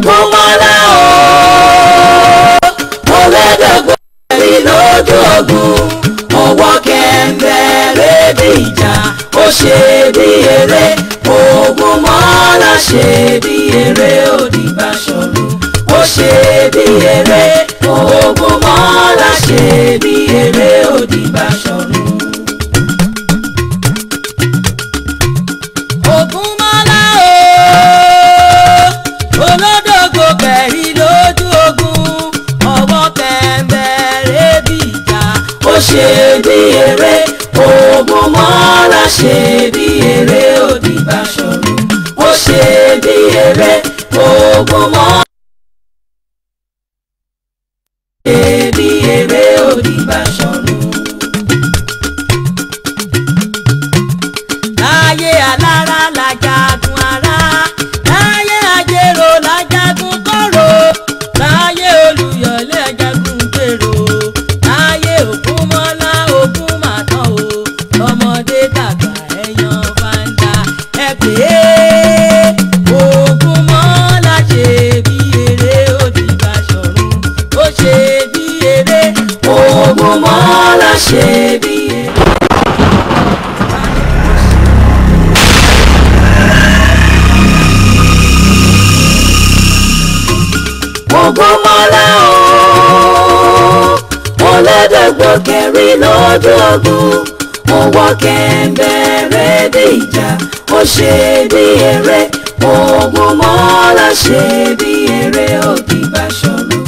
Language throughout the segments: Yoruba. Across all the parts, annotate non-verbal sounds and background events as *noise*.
àgúnmọ́lá o ọlẹ́dẹ̀gbọ́ ẹ̀rí lójú ogun ọwọ́ kẹ̀ǹbẹ̀ rédí ìjà ó ṣe bí eré Ògúnmọ́lá ṣe bí eré ó di Báṣọ̀run ó ṣe bí eré. ṣe bí eré ògùn mọ́ra ṣe bí eré òdìgbà ó ṣe bí eré ògùn mọ́ra. rí lọ́jọ́ ogun ọwọ́ kẹ̀ǹbẹ̀rẹ̀ dé ìjà ó ṣe bí eré ogun mọ́lá ṣe bí eré òbí bá ṣòro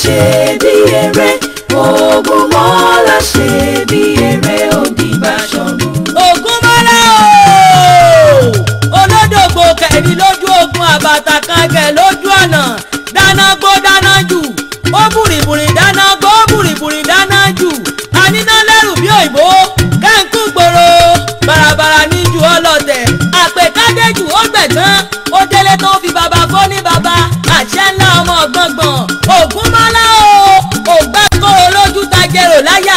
ṣe bí eré ogun mọ́lá ṣe bí eré òbí bá ogun mọ́lá o olódògbò kẹ̀rí lójú ogun àbàtà kan kẹ̀ gbẹ̀tán ó délé tó fi bàbá fọ́ ní bàbá àṣẹ ńlá ọmọ gbọ̀ngbọ̀n ògúnmọ́lá o ògbà kó olójú ta jẹrò láyà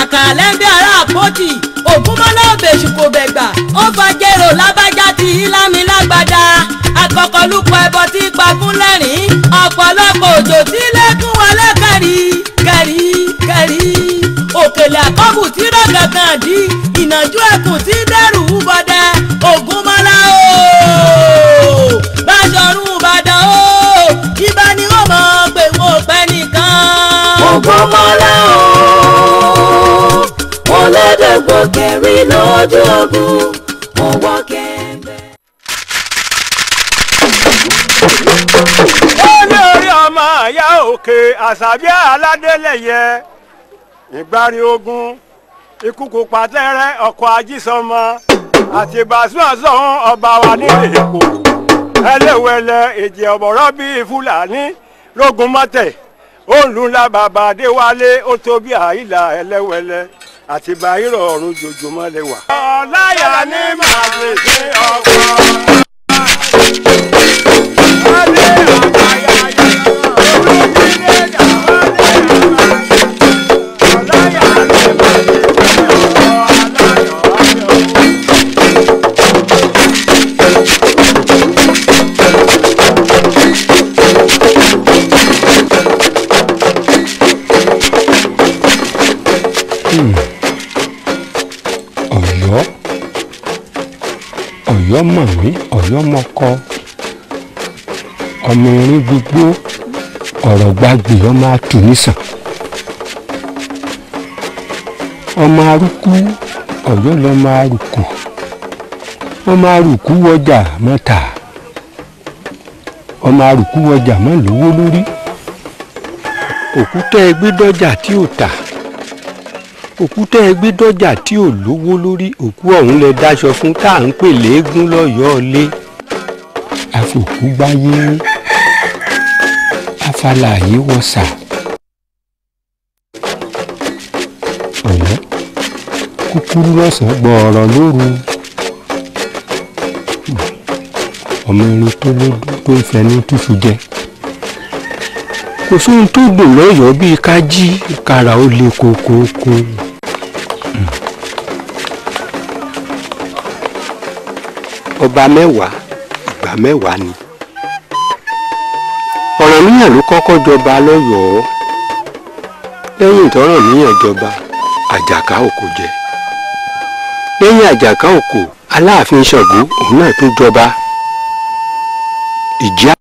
àkàlẹ́ bí ará àpótì ògúnmọ́lá òbèṣù kò bẹ̀gbà ó fa jẹrò lábájá ti ìlàmì lágbàdá akọkọlùkọ ẹbọ tí pa fún lẹ́rìn ọ̀pọ̀lọpọ̀ òjò tí lẹ́kún wọlé kẹrì kẹrì kẹrì òkèlè àkọ́bù tí rọ̀ kankan dí ìnàjú ẹkùn tí dẹ́ gòkè rí lójú ogun ọwọ́ kẹ̀mbẹ́. ó ní orí ọmọ àyà òkè àṣàbí aládélẹ̀yẹ ìgbárí ogun ikú kò pàtẹ́rẹ́ ọkọ̀ ajísọmọ àti ìbásúnàsọ ọba wa nílẹ̀ èkó ẹlẹ́wẹ̀lẹ̀ èjì ọ̀bọ̀rọ̀ bíi fúlàní lógun mọ́tẹ̀ òǹlù ńlá bàbá adéwálé ó tó bí àyílà ẹlẹ́wẹ̀lẹ̀ àti báyìírọ̀ ọ̀run jòjòmọ́ lè wà. ọ̀láyà ni màá lè ṣe ọkọ. Hmm. ọ̀yọ́mọ̀wé ọ̀yọ́mọkọ ọmọ irin gbogbo ọ̀rọ̀ gbàgbé ọmọ àtúnisàn ọmọ arúkú ọ̀yọ́ lọ́mọ arúkú ọmọ arúkú wọjà mọ́ta ọmọ arúkú wọjà mọ́ lówó lórí òkúta ẹgbẹ́ dọ́jà tí ò tà. òkú tẹ́ ẹ gbé dọ́jà tí ò lówó lórí òkú ọ̀hún lẹ dáṣọ fún tá à ń pè léégún lọ́yọ̀ọ́ lé àfòkú gbáyé afálàyé wọ̀sà ọ̀lẹ́ kúkúrú lọ́sàn gbọ̀ọ̀rọ̀ lóru ọmọ irin tó lódú tó ń fẹnu túṣu jẹ kò sóhun tó dùn lọ́yọ̀ọ́ bíi ká jí kára ó le kókóókó. ọba mẹ́wàá ìgbà mẹ́wàá ni ọ̀rànmíyàn ló kọ́kọ́ jọba lọ́yọ̀ọ́ lẹ́yìn tọ́rànmíyàn jọba àjàká òkò jẹ lẹ́yìn àjàká òkò aláàfin ṣàngó òun náà tó jọba ìjà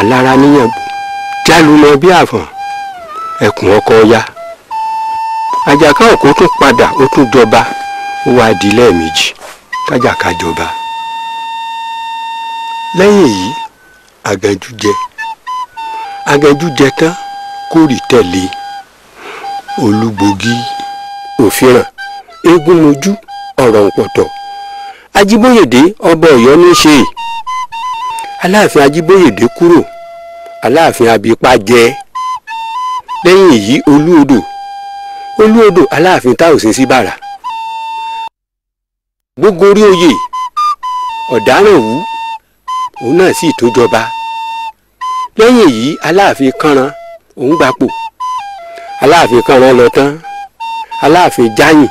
alára níyàn jálùmọ̀ bí àfọ̀n ọkọ ya àjàká òkò tún padà ó ó wáá di lẹ́ẹ̀mejì kájà ká jọba lẹ́yìn èyí àgànjú jẹ àgànjú jẹ tán kórì tẹ̀lé olúgbògì òfìràn eégún mojú ọ̀rọ̀ òpọ̀tọ̀ ajíbóyèdé ọba ọ̀yọ́ ní í ṣe aláàfin ajíbóyèdé kúrò aláàfin abipá jẹ lẹ́yìn èyí olúodò olúodò aláàfin táòsín sí bàrà. Si gbogbo orí oyè ọ̀daràn wú òun náà sì tó jọba lẹ́yìn èyí aláàfin kànran òun gbapò aláàfin kànran lọ tán aláàfin jáyìn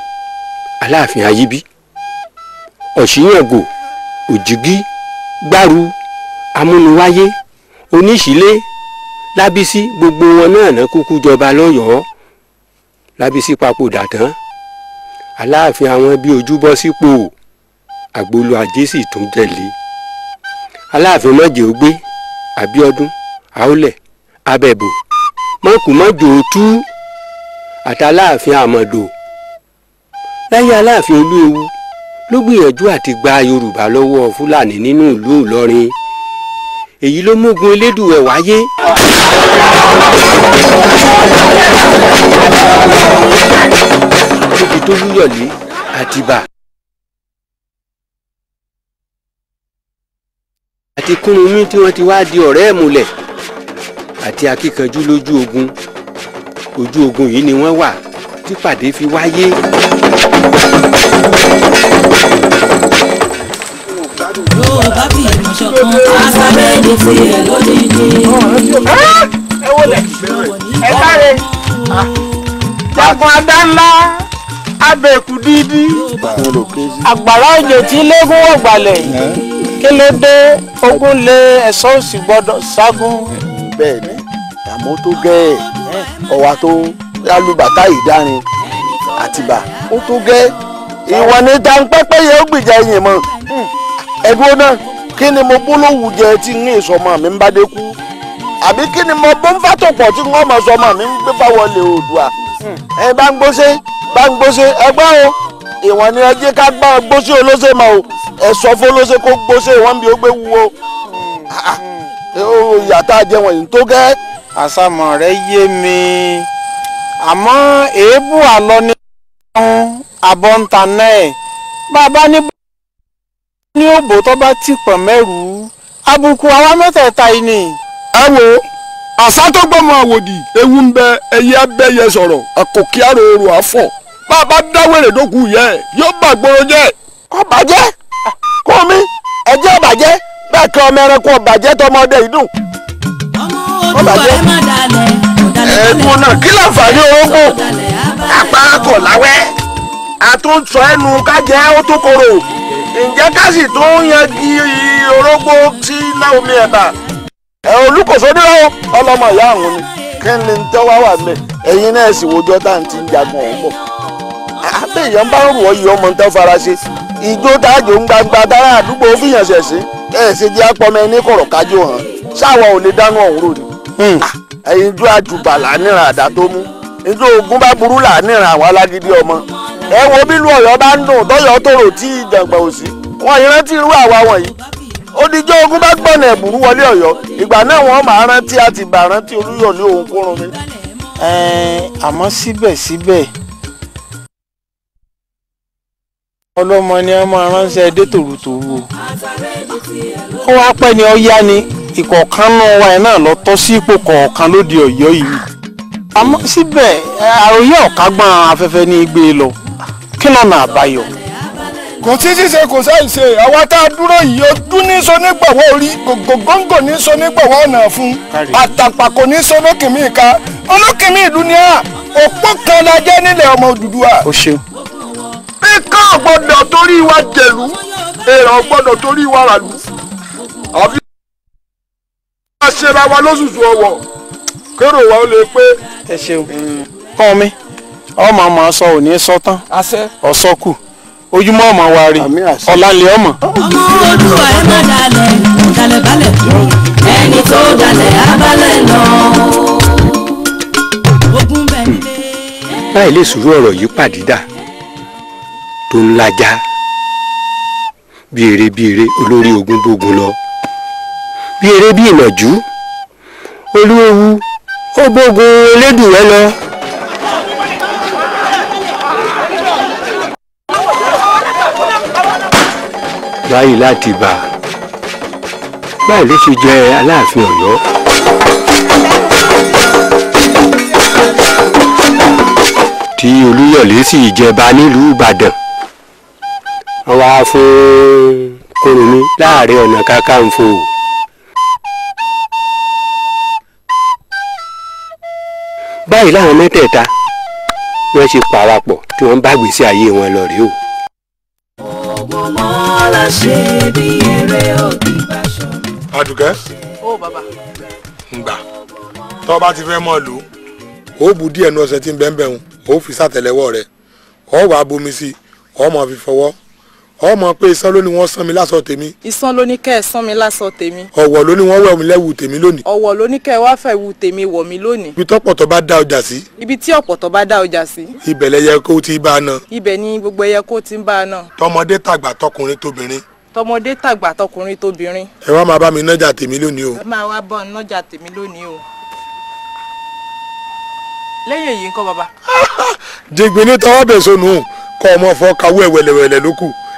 aláàfin ayíbí ọ̀ṣíyàngò òjìgí gbáru amúnuwáyé oníṣílé lábísí gbogbo wọn náà ná kúkú jọba lọ́yọ̀ọ́ lábísí papòdà tán aláàfin àwọn bíi ojú sípò. Si àgbolo ajé sì tún tẹ̀lé aláàfin mọ̀jẹ̀ ó gbé àbíọdún àólẹ̀ abẹ́bò mọ̀kùmọ̀jò tú àtàláàfin àmọ̀dò láyé aláàfin olúewu ló gbìyànjú àti gba yorùbá lọ́wọ́ fúlàní nínú ìlú ìlọrin èyí ló mógun elédùwẹ̀ wáyé. níbi tó lúyọ̀lé àtìbà ti kún inú tí wọ́n ti wá di ọ̀rẹ́ ìmùlẹ̀ àti akíkanjú lójú ogun ojú ogun yìí ni wọ́n wà tí pàdé fi wáyé. Yorùbá ti ìmọ̀ ṣọ̀kan àṣàbẹ̀ èdè tí ẹ̀ lódìdí. ẹ wọlé ẹ sáré jagun adá ńlá abẹ́ẹ̀kú dídí àgbàrá òjò tí légún wọ̀gbàlẹ̀ kí ló dé ogún lé ẹ̀sọ́ òsì gbọ́dọ̀ ságun. bẹ́ẹ̀ ni àmọ́ tó gẹ́ ẹ̀ ọ̀wà tó lálùbàtà ìdárin àtìbà ó tó gẹ́ ìwọ ní ta ń pẹ́pẹ́ yẹ ó gbìjà ẹ̀yìn mọ́ ẹ̀dúró náà kí ni mo gbólóhùn jẹ tí ń ní ìsọmọ mi ń bá dé kú àbí kí ni mo bó ń fàtọ̀pọ̀ tí wọ́n mọ̀ sọmọ mi ń gbé fáwọlé oòdùà ẹ bá ń gbóṣe bá ń gbóṣe ẹgbẹ́ o. ìwọ̀n ni ẹ ká gbá gbóṣe olóṣè mọ́ o ẹ fún olóṣè kó gbóṣe ìwọ̀n bí ó gbé wúwo hmm. ìyá tá a jẹ wọ̀nyí tó rẹ yé mi àmọ́ èébú àlọ́ ni abọ́ ń ta náà bàbá ní ní òbò tó bá ti pọ̀ mẹ́rù abùkù àwa mẹ́tẹ̀ẹ̀ta yìí ẹ wo àṣà ewu ń bẹ ẹyẹ bàbá dáwèrè dókun yẹn yóò bàgbóró jẹ ọbàjẹ́ kó mi ẹjẹ́ ọbàjẹ́ bẹ́ẹ̀ kí ọmọ ẹranko ọbàjẹ́ tọmọdé yìí dùn. ọbàjẹ́ ẹnu náà kí láǹfààní orógbó apákọ̀ láwẹ́ àtúntò ẹnu kájẹ́ ó tó ǹjẹ́ omi ẹ̀bà ẹ̀ ní ọlọ́mọ ìyá àwọn ni kí ni wà mẹ́ ẹ̀yin àbẹ̀yàn bá ń rù ọ́ yìí ọmọ tán fara ṣe ìjó tájò ń gbangba dára àdúgbò fìyàn ṣẹ̀ṣin ẹ̀ ṣe jẹ́ apọ̀mọ ẹni kọ̀rọ̀ kájò hàn ṣáwa ò lè dáná ọ̀hún rò ní. ìjó hmm. ah, àjùbà làníran àdá tó mú ìjó ogun bá burú làníran àwọn alágídí ọmọ ẹ wo bílú Ọ̀yọ́ bá ń dùn tọyọ tòrò tí ìjàngbọ̀n ò sí wọn ìrántí irú àwa wọ̀nyí odijọ́ ogun bá gbọ̀nà ẹ̀bùrú wọlé Ọ̀yọ́ ìgbà náà wọ́n máa rántí àtìgbà rántí Olúyọ̀lé òun kúrun mi. ẹ àmọ́ síbẹ̀síbẹ̀ ọlọ́mọ ni wọ́n máa ránṣẹ́ dé tòrutòru o ó wá pẹ́ ni ó yá ni ìkọ̀ọ̀kan náà wa ẹ̀ náà lọ tọ́ sí ipò kọ̀ọ̀kan lóde ọ̀yọ́ yìí àmọ́ síbẹ̀ àròyé ọ̀kágbọ́n afẹ́fẹ́ ní gbé e lọ kí lọ́nà àbáyọ. kò sí ṣíṣe kò sáì ṣe àwa tá a dúró yìí ó dún ní so nígbàwọ́ orí gògóńgò ní so nígbàwọ́ ọ̀nà fún àtàpàkò ní so lókìmí ìka olókìmí ìlú ni à òpó kan la jẹ́ nílẹ̀ ọmọ Odùduwà. o ṣeun ikọ́ gbọ́dọ̀ torí wa jẹ̀lú èrò gbọ́dọ̀ torí wa ràlú àfi ká ṣera wa lóṣùṣù ọwọ́ kérò wa ó lè pé. ẹ ṣeun kàn mí ọmọ ọmọ sọ ò ní sọ tán ọsọ kù ojúmọ́ ọmọ wa rí ọ̀làlẹ̀ ọmọ. ọmọ olúwa ẹ má dalẹ̀ dalẹ̀ balẹ̀ ẹni tó dalẹ̀ abalẹ̀ lọ. báyìí lè sùúrù ọ̀rọ̀ yìí pàdídà tó ń lajá bí eré bí eré olórí ogun bógun lọ bí eré bí ìnàjú olúwewu ó bógun elédùwẹ́ lọ. báyìí láti bà báyìí ló ṣe jẹ aláàfin Ọ̀yọ́. tí olúyọ̀lé sì jẹba nílùú Ìbàdàn wá fún Kúrúnmí Láàrẹ Ọ̀nà Kakanfò. báyìí láwọn mẹ́tẹ̀ẹ̀ta wọ́n ṣe parapọ̀ tí wọ́n bá gbèsè ayé wọn lọ rèé o. àdùkẹ́. ó bàbá. ǹgbà tọ́ bá ti fẹ́ mọ̀ lò ó bu díẹ̀ nu ọ̀sẹ̀ tí ń bẹ́ẹ̀ bẹ́ẹ̀ ń ó fi sàtẹ̀lẹ́wọ́ rẹ̀ ó wàá bomi sí i ó máa fi fọwọ́ ọmọ pé isan ló ní wọ́n san mi láṣọ tèmi. isan ló ní kẹ́ ẹ san mi láṣọ tèmi. ọ̀wọ̀ ló ní wọ́n wẹ̀ mí lẹ́wù tèmi lónìí. ọ̀wọ̀ ló ní kẹ́ ẹ wá fẹ́ wù tèmi wọ̀ mí lónìí. ibi tó pọ̀tọ̀ bá dá ọjà sí. ibi tí ọ̀pọ̀tọ̀ bá dá ọjà sí. ibẹ̀ lẹyẹ kó ti bá a ná. ibẹ̀ ni gbogbo ẹyẹ kó ti ń bá a ná. tọmọdé tàgbà tọkùnrin tóbìnrin tọmọdé tàgbà tọkùnrin tóbìnrin. ẹ wá máa bá mi nájà tèmi lónìí o. ẹ máa wá bọ́ nájà tèmi lónìí o. lẹ́yìn èyí ń kọ́ bàbá. *laughs* jìngbìn ní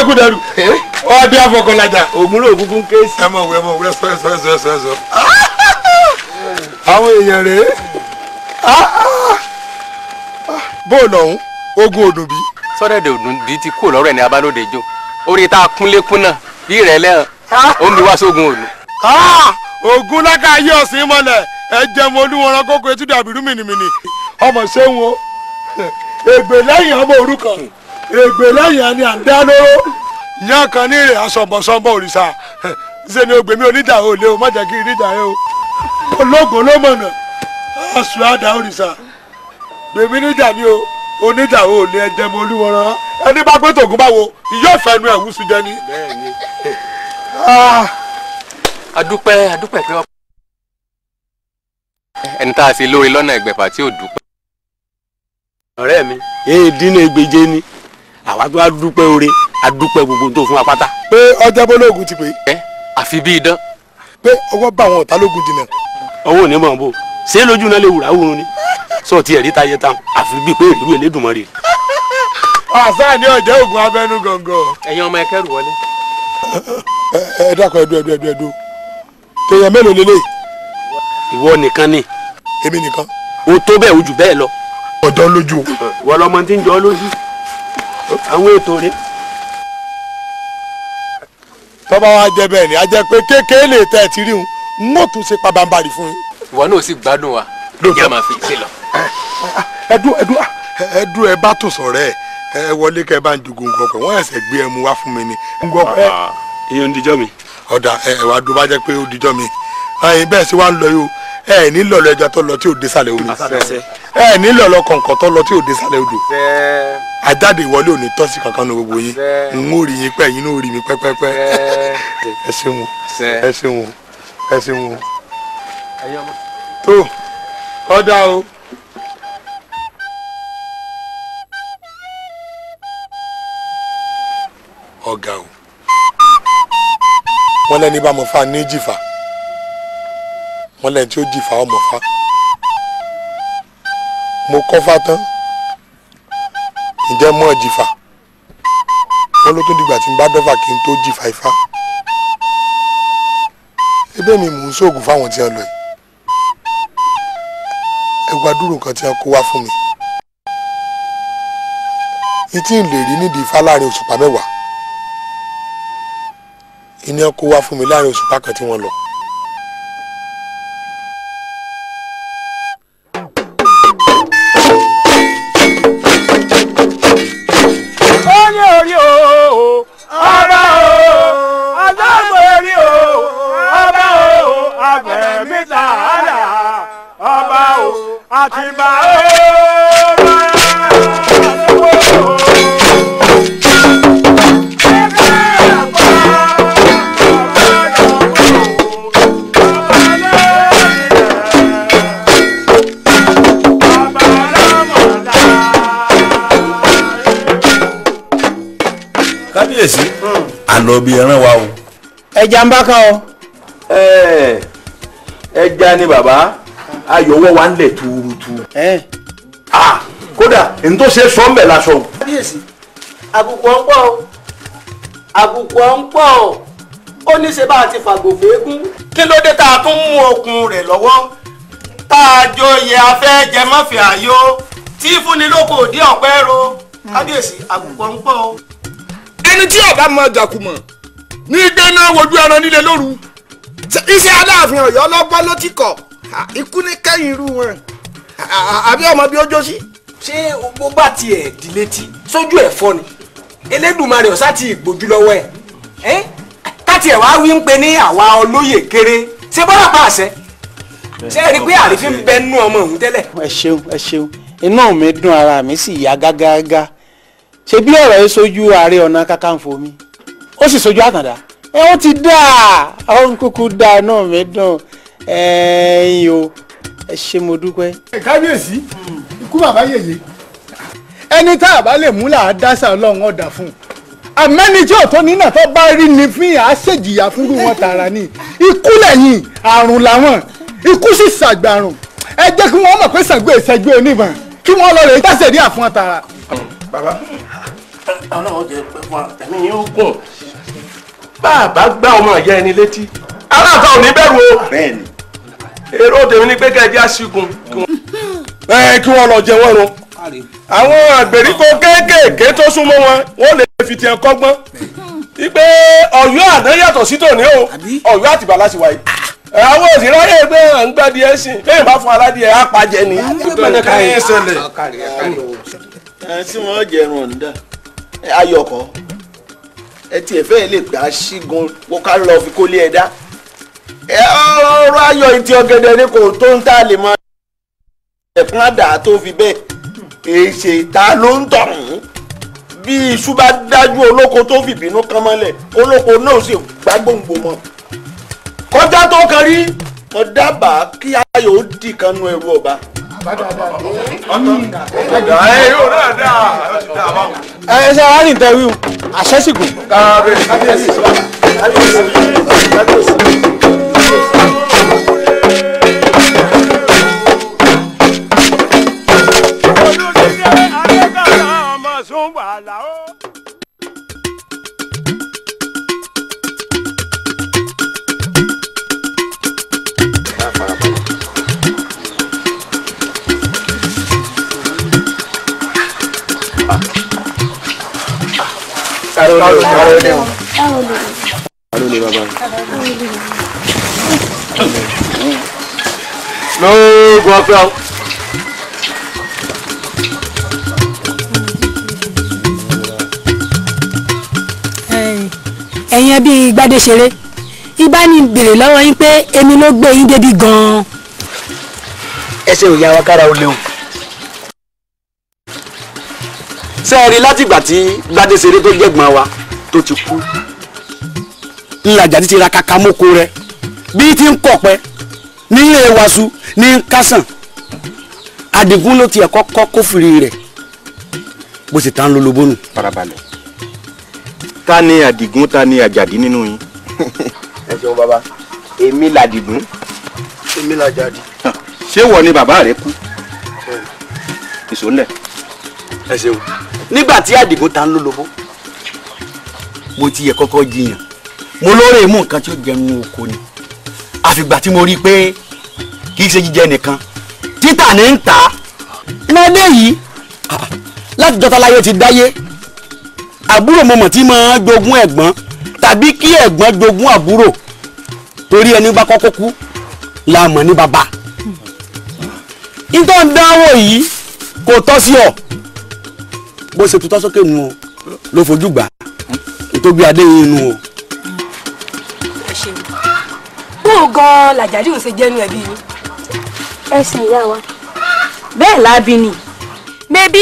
ekwu daru ọ dị afọ kọlaja ògbúrò ògúngún ń ké sí. ẹ mọ òwe mọ òwe ẹsọ ẹsọ ẹsọ ẹsọ ẹsọ ah, ah. ah ogun ti kú lọ́rọ̀ ẹ̀ ní abálóde ah orí tá a kúnlékún ah ogun lákà o ègbè lẹ́yìn ẹni à ń dá lóró ìyá kan ní ìrìn asọ̀bọ̀sọ̀bọ̀ òrìṣà ṣe ni ògbèmí onídà ò lé o má jẹ́ kí onídà yẹ o ológun ló mọ̀nà aṣọ àdá òrìṣà gbèmí níjà ni o onídà ò lé ẹjẹ mọ olúwọ̀rọ̀ ẹni bá gbé tògún báwo ìyá ìfẹ́ nu ẹ̀wù sùn jẹ ni. adúpẹ́ ah. adúpẹ́ pé ẹni tá a ṣe lóore lọ́nà ẹgbẹ̀fà tí ò dúpẹ́. ọ̀rẹ́ mi èèdì ní egbèje ni àwa tó a dúpẹ́ oore a dúpẹ́ gbogbo tó fún wa pátá. pé ọjà bọ́lọ́ọ̀gùn ti pè é. ẹ àfi bí idán. pé ọwọ́ bá àwọn ọ̀tá lógun jìnnà. ọwọ́ ò ní mọ̀ bó ṣé lójú náà lè wùrà wùrun ni sọ ti ẹ̀rí ta yẹ tán àfi bíi pé ìlú Elédùmarè. àṣà ni ọjọ́ ògùn abẹ́nú gọ̀ǹgọ̀. ẹ̀yin ọmọ ẹkẹ́rù wọlé. ẹ dákọ̀ ẹ̀dùn ẹ̀dùn ẹ̀dùn ẹ̀dùn tèèyàn mélòó lélẹ́yìí. ìwọ nìkan ni. èmi nìkan. o tó bẹ́ẹ̀ o jù bẹ́ẹ̀ lọ. ọ̀dọ́ lójú. wọ́n lọmọ tí ń jọ lójú àwọn ètò rẹ. tọ́ba wa jẹ bẹ́ẹ̀ ni a jẹ pé kékeré lè tẹ́ ẹ ti rí un n ó tún ṣe pabambarì fún yín. ìwọ náà sì gbádùn wa lóòótọ́ máa fi ṣe lọ. ẹdún ẹdún ẹdún ẹ bá tò sọ̀rẹ́ ẹ wọlé kẹ bá ń jogun gọpẹ wọn ẹsẹ gbé ẹmu wá fún mi ni. Ah, ìyẹn ń dijọ́ mi. ọ̀dà ẹ wàá dùn bá jẹ́ pé ó dijọ́ mi. ẹyin bẹ́ẹ̀ sì wá ń lọ yìí o ẹ ní lọ́lọ́ ẹja tó lọ tí ò désàlẹ̀ omi ẹ ní lọ́lọ́ kọ̀ǹkọ̀ tó lọ tí ò désàlẹ̀ odò àjáde ìwọlé tọ́sí kankan ní gbogbo yín n ó rí yín pẹ́ yín ó rí mi pẹ́pẹ́pẹ́ ẹ ṣeun ẹ ṣeun ẹ ṣeun. tó o. ọ̀gá o wọ́n lẹ́ni bá mọ̀ wọ́n lẹ́yìn tí ó jìfà ọmọ fa mo kọ́ fa tán ǹjẹ́ mọ́ jìfà wọ́n ló tún dìgbà tí n bá dọ́fà kí n tó jìfà ifá ebe mi mò ń ṣoògùn fáwọn tí wọ́n lọ yìí ẹ wá dúró nǹkan tí wọ́n kó wá fún mi ní tí n lè rí nídìí ifá láàrin òṣùpá mẹ́wàá ìní ọkọ̀ wá fún mi láàrin òṣùpá kan tí wọ́n lọ. lọ bí ẹran wa o. ẹja ń bá kan o. ẹja ni bàbá ayọ̀wọ́ wa ń lẹ̀ tuurutu. kódà n tó ṣe sọ ń bẹ̀ lásán. kábíyèsí àbùkù ọ̀ o àbùkù ọ̀ o ó ní ṣe bá a ti fàgbò fèégún. kí ló dé tá a tún mú okun rẹ̀ lọ́wọ́ tá a joyè afẹ́ jẹmọ́fẹ́ àyò tí fúnni lóko òdí ọ̀pẹ́ ro kábíyèsí àbùkù ọ̀ o ẹni tí ọba mọ jàkùmọ̀ ní gbẹ́ná wojú ẹran nílé lóru iṣẹ́ aláàfin ọ̀yọ́ lọ́gbọ́n ló ti kọ̀ ikú ní kẹ́yìn irú wọn àbí ọmọ bí ó jó sí. ṣé bó bá tiẹ̀ di létí sójú ẹ̀ fọ́ ni Elédùmarè ọ̀sá ti gbójú lọ́wọ́ ẹ̀ káti ẹ̀ wá wí ń pe ní àwa olóyè kéré ṣé bọ́lá pa àṣẹ ṣé ẹ rí i pé àrífín bẹ́ẹ̀ nú ọmọ òun tẹ́lẹ̀. ẹ ṣeun ẹ ṣeun inú mi dùn ara mi sì yá gágágá ṣe bí ọ̀rọ̀ yẹn sojú ààrẹ ọ̀nà kakanfò mi ó sì sojú àtàndá ẹ ó ti dà àwọn kúkú dà náà mẹ́dàn ẹ̀yìn o ẹ ṣe mo dúpẹ́. kábíyèsí ikú bàbá yèyé ẹni tá a bá lè mú là á dáṣà ọlọ́run ọ̀dà fún un àmẹ́ni tí òtó nínà tó bá rí ni fín à á ṣèjìyà fúnrú wọn tààrà ni ikú lẹ́yìn àrùn làwọn ikú sì ṣàgbàrùn ẹ jẹ́ kí wọ́n mọ̀ pé Ṣàngó ìṣẹ́jú oníbọn kí wọ́n lọ rè é dáṣẹ̀rí àfún ọ̀tàrà bàbá ọlọ́run jẹ pé fún àtẹ̀mí yín ó gùn bàbá gbá ọmọ ìyá ẹni létí aláǹfà ò ní bẹ̀rù o èrò tèmi ni pé kẹ́ẹ̀dí àṣìkùn. ẹ kí wọ́n lọ jẹ́wọ́ run àwọn àgbèríko kéékèèké tó súnmọ́ wọn wọ́n lè fi tiẹ̀ kọ́gbọ́n wípé ọ̀yọ́ àná yàtọ̀ sí tòní o ọ̀yọ́ àtìbà láti wáyé àwọn òsèré ayé pé à ń gbádìí ẹ̀sìn bẹ́ẹ̀ bá fún aládìí ẹ̀ á pàjẹ́ ni. kí ni ìṣẹ̀lẹ̀ ẹ tí wọn jẹrun ọ̀ǹda ayọ̀kọ́ ẹ tiẹ̀ fẹ́ẹ́ lè gbà á ṣígun kó ká lọ fi kólé ẹ dá ẹ ọ̀rọ̀ ayọ̀ ìtì ọ̀gẹ̀dẹ̀ ni kò tó ń tà lè mọ ẹ̀kún àdá tó fi bẹ́ẹ̀ èsè ta ló ń tọ̀hún bí iṣu bá dájú olóko tó fìbínú kán mọ́lẹ̀ olóko náà sì gbá gbòǹgbò mọ́ kọjá tó kan rí mo dábàá kí ayọ̀ ó dì kan nu ọba ẹ ṣe wá ní ìtẹ̀wé o àṣẹ́sìkò. kábíyèsí kábíyèsí kábíyèsí. káró lè káró lè wọn. káró lè bàbá. lóògùn ọ̀fẹ́ o. ẹ̀yin ẹbí gbádéṣeré ibà ni béèrè lọ́wọ́ yín pé èmi ló gbé yín débi gan-an. ẹsẹ̀ ò yá wa kára ó léwu. sẹ́ẹ̀rí látìgbà tí gbadéṣeré tó jẹ̀gbọ́n wa tó ti kú ńlájà ti ti ra kàkà mọ́kọ rẹ bí ti ń kọ̀pẹ́ nílé wasu ní kásán adigun ló tiẹ̀ kọ́kọ́ kófìrí rẹ̀ bó sì tán lólobó farabalẹ̀ ta ni adigun ta ni àjàdí nínú yín. *laughs* ẹ ṣeun bàbá èmi làdìgún. èmi làjàdí. ṣé wọ ni bàbá rẹ kú. ìṣó ńlẹ̀. ẹ ṣeun nígbà tí àdìgún ta ń lólobó mo ti yẹ kọ́kọ́ jiyàn mo lóore mú nǹkan tí ó jẹun oko ni àfìgbà tí mo rí i pé kì í ṣe jíjẹ nìkan títà ní ń ta iná dé yìí láti jọta láyé ti dáyé àbúrò mọ̀mọ̀ tí máa jogún ẹ̀gbọ́n tàbí kí ẹ̀gbọ́n jogún àbúrò torí ẹni bá kọ́kọ́ kú la mọ̀ ní bàbá nítorí dánwò yìí kò tọ́ sí ọ bó ṣe tutọ́ sókè nu o ló fojú gbà tó gbé adé yín nu o. bó gan-an làjàdí ò ṣe jẹ́nu ẹbí mi. ẹ sìn ìyá wa. bẹ́ẹ̀ lábí ni mẹ́bí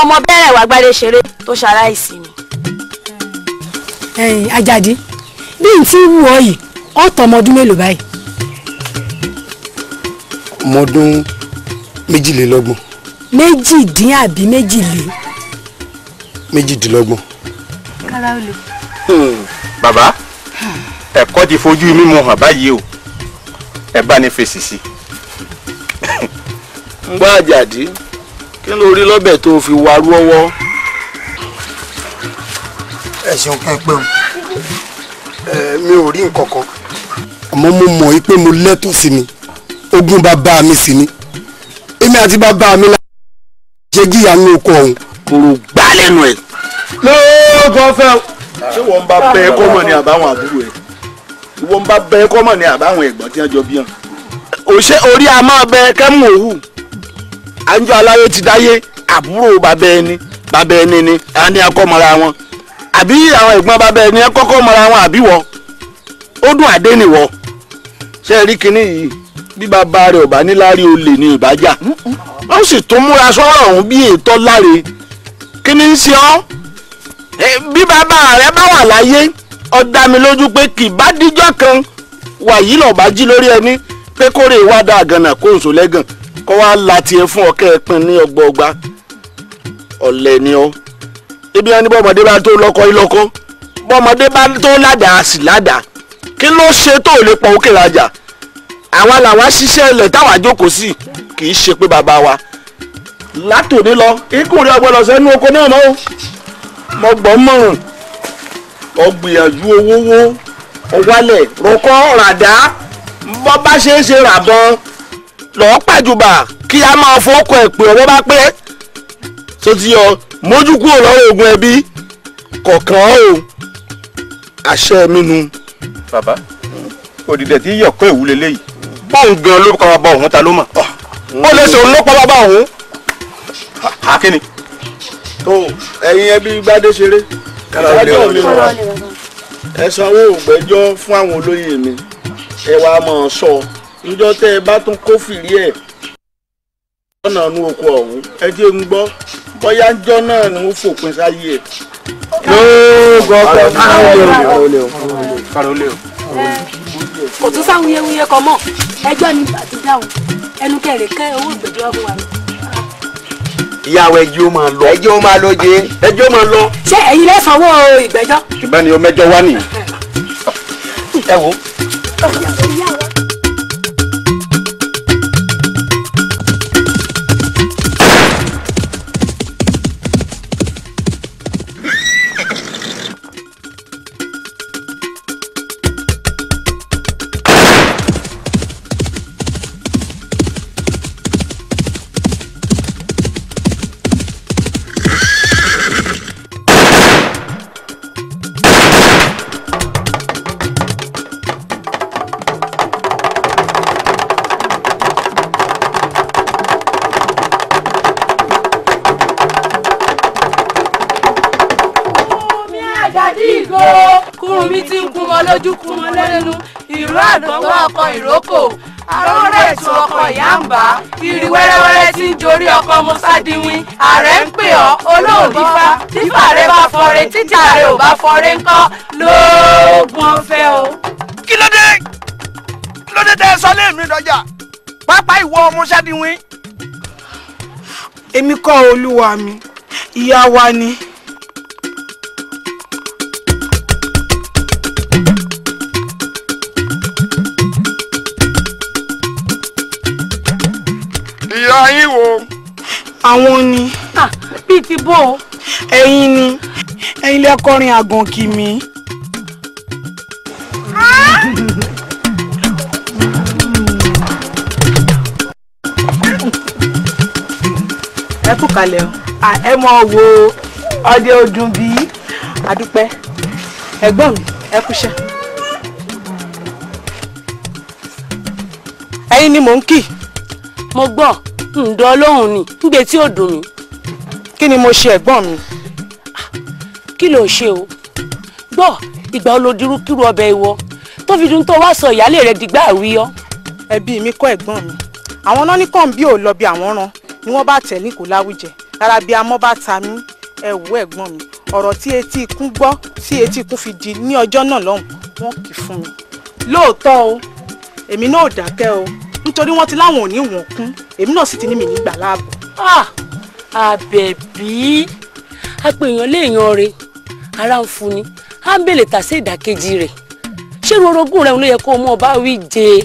ọmọ bẹ́rẹ̀ wà gbádé ṣeré tó ṣaláìsí ni. ẹ̀yin ajadi bí n ti wù ọ yìí ọ tọ ọmọ ọdún mélòó báyìí. ọmọ ọdún méjìlélọ́gbọ̀n. méjì dín àbí méjìlél méjìdínlọ́gbọ̀n. karaolu. Hmm, bàbá ẹ̀kọ́ ti fojú mímu hàn báyìí o ẹ bá ní fèsì sí. ń *laughs* gbọ́ àjàdí kí ló rí lọ́bẹ̀ tó fi warú ọwọ́. ẹ ṣeun pẹ́pẹ́ o mi ò rí nǹkan kan àmọ́ mo mọ̀ yí pé mo lẹ́tọ̀ọ́ sí ni ogún bàbá mi sì ni èmi àti bàbá mi la jẹ́ gíyà ní oko ọ̀hún kóró gbá lẹ́nu ẹ̀. lóògùn ọfẹ o. ṣé wọn bá bẹ ẹ kọ́mọ̀ ní àbáwọn àbúrò ẹ wọn bá bẹ ẹ kọ́mọ̀ ní àbáwọn ẹ̀gbọ́n tí wọ́n jọ bí hàn. òṣè orí a máa bẹ kẹ́mù òhù àjọ aláyé ti dáyé àbúrò bàbá ẹni bàbá ẹni ni a ní akọ́ mọ́ra wọn àbí àwọn ẹ̀gbọ́n bàbá ẹni ẹ kọ́kọ́ mọ́ra wọn àbí wọ́ ó dùn àdé nìwọ ṣe rí kinní yìí bí bàbá rẹ̀ ò bá ní láárí olè ní ìbájà wọ́n sì tún múra sọ́rọ̀ ọ̀hún bí ètò láre kí ni ń ṣe ọ́ eh, bí bàbá rẹ bá wà láyé ó dá mi lójú pé kì bá díjọ́ kan wàyí lọ́ọ́ bá jí lórí ẹni pé kórè wá dáa gànà kó n sò lẹ́gàn kó wá la tiẹ̀ fún ọ̀kẹ́ ẹ̀pin ní ọgbọọgba ọ̀lẹ ni ọ́ ibi wọn ni bọ́mọdé bá tó lọ́kọ́ ilọ́kọ́ bọ́mọdé bá tó ládàá sí ládàá kí ló ṣe tó lè pọ̀ òkè rajà àwọn làwọn ṣiṣẹ́ ilẹ̀ táwọn àjókòó sí kì í ṣe pé bàbá wa látòní lọ ikú rẹ ọgbọ́dọ̀ sẹ́nu oko náà mọ́ mo gbọ́ mọ̀ràn ọgbìyànjú owówó ọwálẹ̀ rọkọ́ ràdá bọ́ bá ṣe é ṣe ràbọn lọ́ọ́ pàjùbà kí a máa fọ́kọ̀ ẹ̀ pé ọwọ́ bá pẹ́ tó ti yọ mójú kúrò lọ́rọ̀ ogun ẹbí kọ̀ọ̀kan o àṣẹ mi nu. bàbá òdìdẹ tí yọkọ ìwúlẹ lẹ́yìn. bóun gan ló kọ́ bá òun ta ló mọ̀. ó lè sọ ló kọ́ bá òun akínni tó ẹ̀yin ẹbí gbadé ṣeré ìdájọ́ mi wà ẹ sanwó ògbẹ́jọ́ fún àwọn olóyè mi ẹ wá máa sọ níjọ́ tẹ́ ẹ bá tún kófìrí ẹ̀ lọ́nà inú oko ọ̀hún ẹ jẹ́ ń gbọ́ bóyá ńjọ́ náà ni wọ́n fòpin sáyé ẹ̀. yóò gbọ́ pẹ̀lú káàlẹ́ o káàlẹ́ o. kò tún sáwùyẹwùyẹ kan mọ́ ẹjọ́ ni bàtí dáhùn ẹnu kẹrẹ̀kẹ́ owó ìgbẹ́jọ́ fún wa ìyàwó ẹjọ́ ó máa lọ. ẹjọ́ ó máa lọ jẹ. ẹjọ́ ó máa lọ. ṣé ẹ̀yin lè sanwó ìgbẹ́jọ́. ṣùgbọ́n ni o mẹ́jọ wá nìyí. ẹ wo. wọn lójú kú wọn lẹ́nu ìró àdánwò ọkọ ìrókò aróró ètò ọkọ ìyáǹbá ìrì wẹ́rẹ́wẹ́rẹ́ tí ń jorí ọkọ mọ́sádìwín ààrẹ ń pè ọ́ olóòdì fa tífà rẹ bá fọre títà rẹ ò bá fọre ńkọ́ lóògùn ọ̀fẹ́ o. kí ló dé kí ló dé tẹ sọ léèmí dọjà pápá ìwọ mọ́sádìwín. èmi kọ́ olúwa mi ìyá wa ni àwọn ni. bíi ti bó o. ẹ̀yin ni ẹ̀yin lẹ kọrin àgàn kì mí. ẹ kú kalẹ̀ o. ẹ mọ wo ọdẹ ọdún bíi adúpẹ́ ẹ̀gbọ́n mi ẹ kúṣẹ́. ẹ̀yin ni mò ń kì. mo gbọ́ ǹdọ́ ọlọ́run ni nígbè tí ò dùn mí. kí ni mo ṣe ẹ̀gbọ́n mi. Ah, kí ló ṣe o gbọ́ ìgbà olódìrú kírú ọbẹ̀ ìwọ tó fi dun tó wá sọ ìyáálé rẹ̀ dìgbà àríyọ́. ẹbí mi kọ́ ẹ̀gbọ́n mi àwọn náà ní kàn bí ò lọ bí àwọn ran ni wọ́n bá tẹ̀ ní kò láwùjẹ rárá bí amọ́ bá ta mí ẹ wò ẹ̀gbọ́n mi ọ̀rọ̀ tí etí ikún gbọ́ tí etí ikún fi di ní ọjọ́ náà lọ́hùn wọ́n kì fún mi. lóòótọ́ o èmi náà ò dákẹ́ o nítorí wọ́n ti láwọn ò ní wọ̀n kún èmi náà sì ti ní mi nígbà láàbò. àbẹ̀bí ah, apèèyàn léèyàn rẹ̀ ara ń funi á ń bèlè tà sí ìdàkejì rẹ̀ ṣé rorogún rẹ̀ ló yẹ kó o mọ̀ bá wí jẹ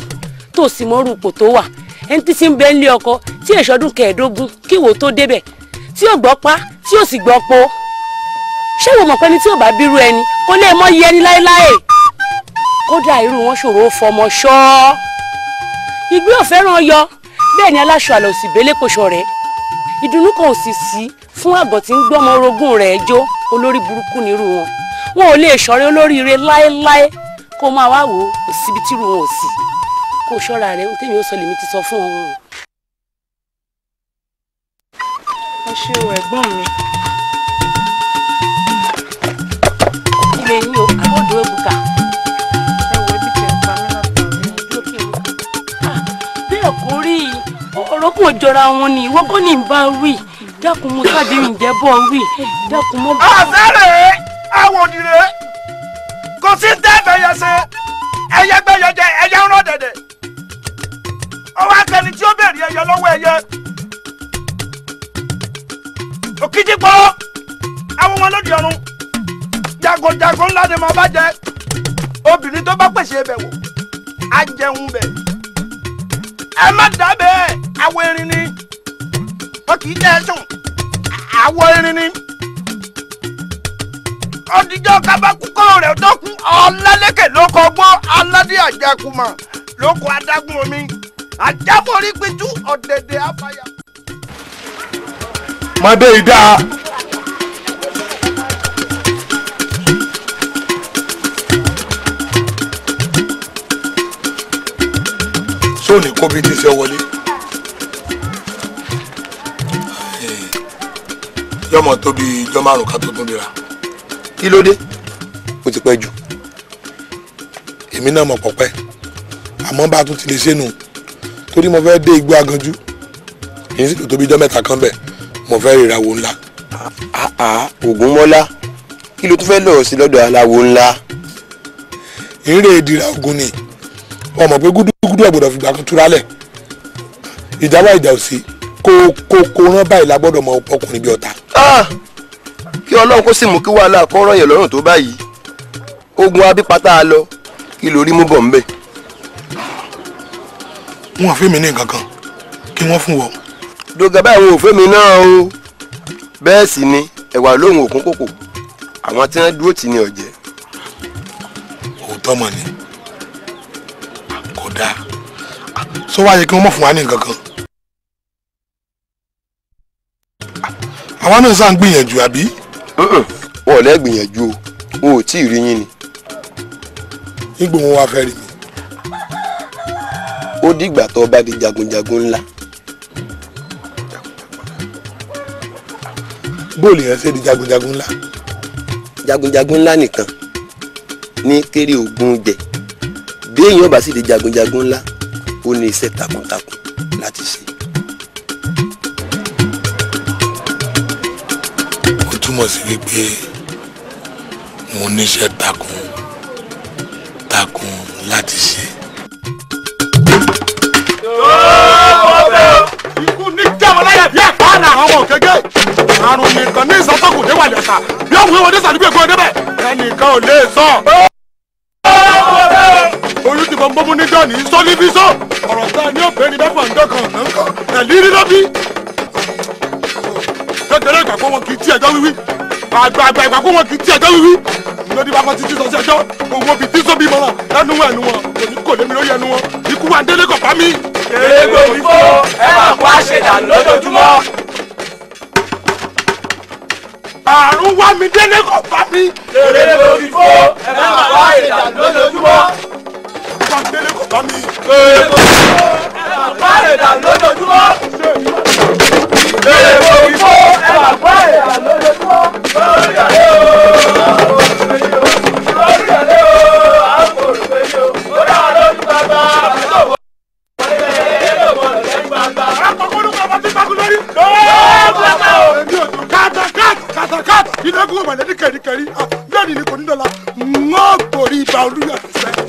tó sì mọ́ rúpò tó wà ẹni tí ń bẹ ń lé ọkọ tí èṣọdún kẹẹ̀ẹ́dógún kí wò tó débẹ̀ tí yóò gbọ́ pa tí yóò sì gbọ́ po ṣé wò mọ̀ pé ẹni tí ò bá bírú ẹni kò lè mọ iye láéláé kódà irú wọn ṣòro fọmọ ṣọ́ọ́ ìgbé ò fẹ́ràn ọyọ bẹ́ẹ̀ ni aláṣọ àlọ́ òsì bẹ́lẹ́pọ̀ṣọ rẹ̀ ìdùnnú kan ò sì sí fún àgọ̀ tí ń gbọ́mọ orogún rẹ̀ jó olórí burúkú nírú wọn wọn ò lè ṣọ̀rẹ́ olóríire láéláé kó máa wá wò ó síbi tírú wọn ò sí kó ṣọ́ra rẹ̀ ó tẹ̀mí ó sọ lèmi ti sọ fún òun. ẹ ṣe o ẹ̀gbọ́n mi. ilé yín o àbọ̀dọ̀ èbùkà. ọ̀rọ̀ kò jọra wọn ni ìwọ kọ́ ni bá wí dákun mo káde ìjẹ́ bọ̀ wí dákun mo. àzẹ́rẹ̀ àwòdìrẹ́ kò sí tẹ́ẹ̀bẹ̀ yẹn ṣe ẹyẹ gbẹ́yẹ jẹ ẹyẹ ń rán dẹ̀dẹ̀ ọwọ́ akẹni tí ó bèrè ẹyẹ lọ́wọ́ ẹyẹ òkìtì pọ̀ àwọn ọmọ lóde ọ̀run jagojago ńlá ni mo bá jẹ obìnrin tó bá pèsè ẹbẹ̀ wò á jẹun bẹ̀ ẹ má dábẹ́ àwọ̀ erin ni wọn kì í jẹ́ ẹ̀sùn àwọ̀ erin ni ọdíjọ́ kábàkú kọ́rọ̀ rẹ̀ dọ́kun ọ̀làlẹ́kẹ̀ ló kọ́ gbọ́ aládé àjàkùmọ̀ ló kọ́ adágún omi àjábọ̀ rí pitú ọ̀dẹ̀dẹ̀ àfàyà. mọ̀dé ìdá. tó ní kó bí ti ṣe wọlé. yọmọ tó bí ká tó tún dira kí ló dé ó ti pẹ́ jù èmi náà mọ̀ pọ̀pẹ́ àmọ́ bá a tún ti lè ṣe nù torí mo fẹ́ dé igbó aganjú kì í sì tó bí ijọ́ mẹ́ta kan bẹ̀ mo fẹ́ rí ìràwọ̀ ńlá. Ah, ah, ah, Ògúnmọ́lá kí ló tún fẹ́ lọ sí lọ́dọ̀ aláwo ńlá. ìrè ogun ni ọmọ pé gúdú dúdú ẹ̀ gbọ́dọ̀ fìgbà kan túra lẹ̀ ìjà wá ìjà òsì kó kó kó rán báyìí la gbọ́dọ̀ mọ ọkùnrin bí ọ̀tá. Ah! kí ọlọ́run kó sì mú kí wàhálà kọ́ rọ̀yẹ̀ lọ́rùn tó báyìí ogun abípatá lọ kí lórí mú bọ̀ ń bẹ̀. wọn fẹ́ mi ní nǹkan kan kí wọ́n fún wọ. dògàbá àwọn òfin mi náà o bẹ́ẹ̀ sì ni ẹ̀wà lóhùn òkun kòkò àwọn tí wọ́n dúró tì ní ọ̀jẹ̀. òótọ́ mọ̀ ni kò dáa. So wáyé kí wọ́n mọ̀ fún wa ní nǹkan kan. àwa náà sá ń gbìyànjú àbí. wọn ò lẹ́ gbìyànjú o wọn ò tí ì rí yín ni. nígbà wọn wá fẹ́ rí mi. ó dìgbà tó bá di jagunjagun ńlá. bóòlù yẹn ṣe di jagunjagun ńlá. jagunjagun ńlá nìkan ní kéré ogun jẹ bí èèyàn bá sì di jagunjagun ńlá ó ní iṣẹ́ takuntakun láti ṣe. ó túmọ̀ sí wípé mo níṣẹ́ takun takun láti ṣe. àrùn nìkan ní ìsọtọ́kùn déwàlẹ̀ ká bí ọ̀hún ìwọ̀n dé sàdúgbò ègbò débẹ̀ ẹnìkan ò lè sọ oyún ti bọ́n bọ́mú níjọ́ ní sọ́lífísọ́ ọ̀rọ̀ tá a ní òfin ní bẹ́ẹ̀ fàǹdọ́ kan ọ̀nà ńkọ ẹ̀lí rí lọ́bí. kékeré ìgbàgbọ́ wọn kì í tí ẹjọ́ wíwí àgbààgbà ìgbàgbọ́ wọn kì í tí ẹjọ́ wíwí lórí bàbá títí sọ sí ẹjọ́ òun òbí tí sóbi mọ́ra lẹ́nu wọn ẹnu wọn kò lémi lórí ẹnu wọn ikú wa délé kọ̀ bá mi. àrùn wá mi délé kọ̀ bá mi. èrègbè òyìnbó ẹ máa kó àṣedà lójoojúmọ́ bá mi délé kò bá mi. èèbò ẹ̀wà bá ẹ̀dà lójoojúmọ́. èèbò ìfọ́ ẹ̀wà bá ẹ̀dà lójoojúmọ́. lórí àlẹ́ o. lórí àlẹ́ o. àpòrò péye o. ó dáa lójú bàbá. àbẹ̀lọ́wọ́ ẹ̀yẹ́ lọ́wọ́ lẹ́yìn bàbá. àpòkọ́lù bàbá ti bá kú lórí. lọ́ọ́ bàbá o. kàtàkàtà kàtàkàtà ìdágún ọ̀mọ̀lẹ́dí kẹ̀ríkẹ̀rí lónìí ni kò ní dọ̀la ń wọ́n gbòrí ibà olúyàtọ̀.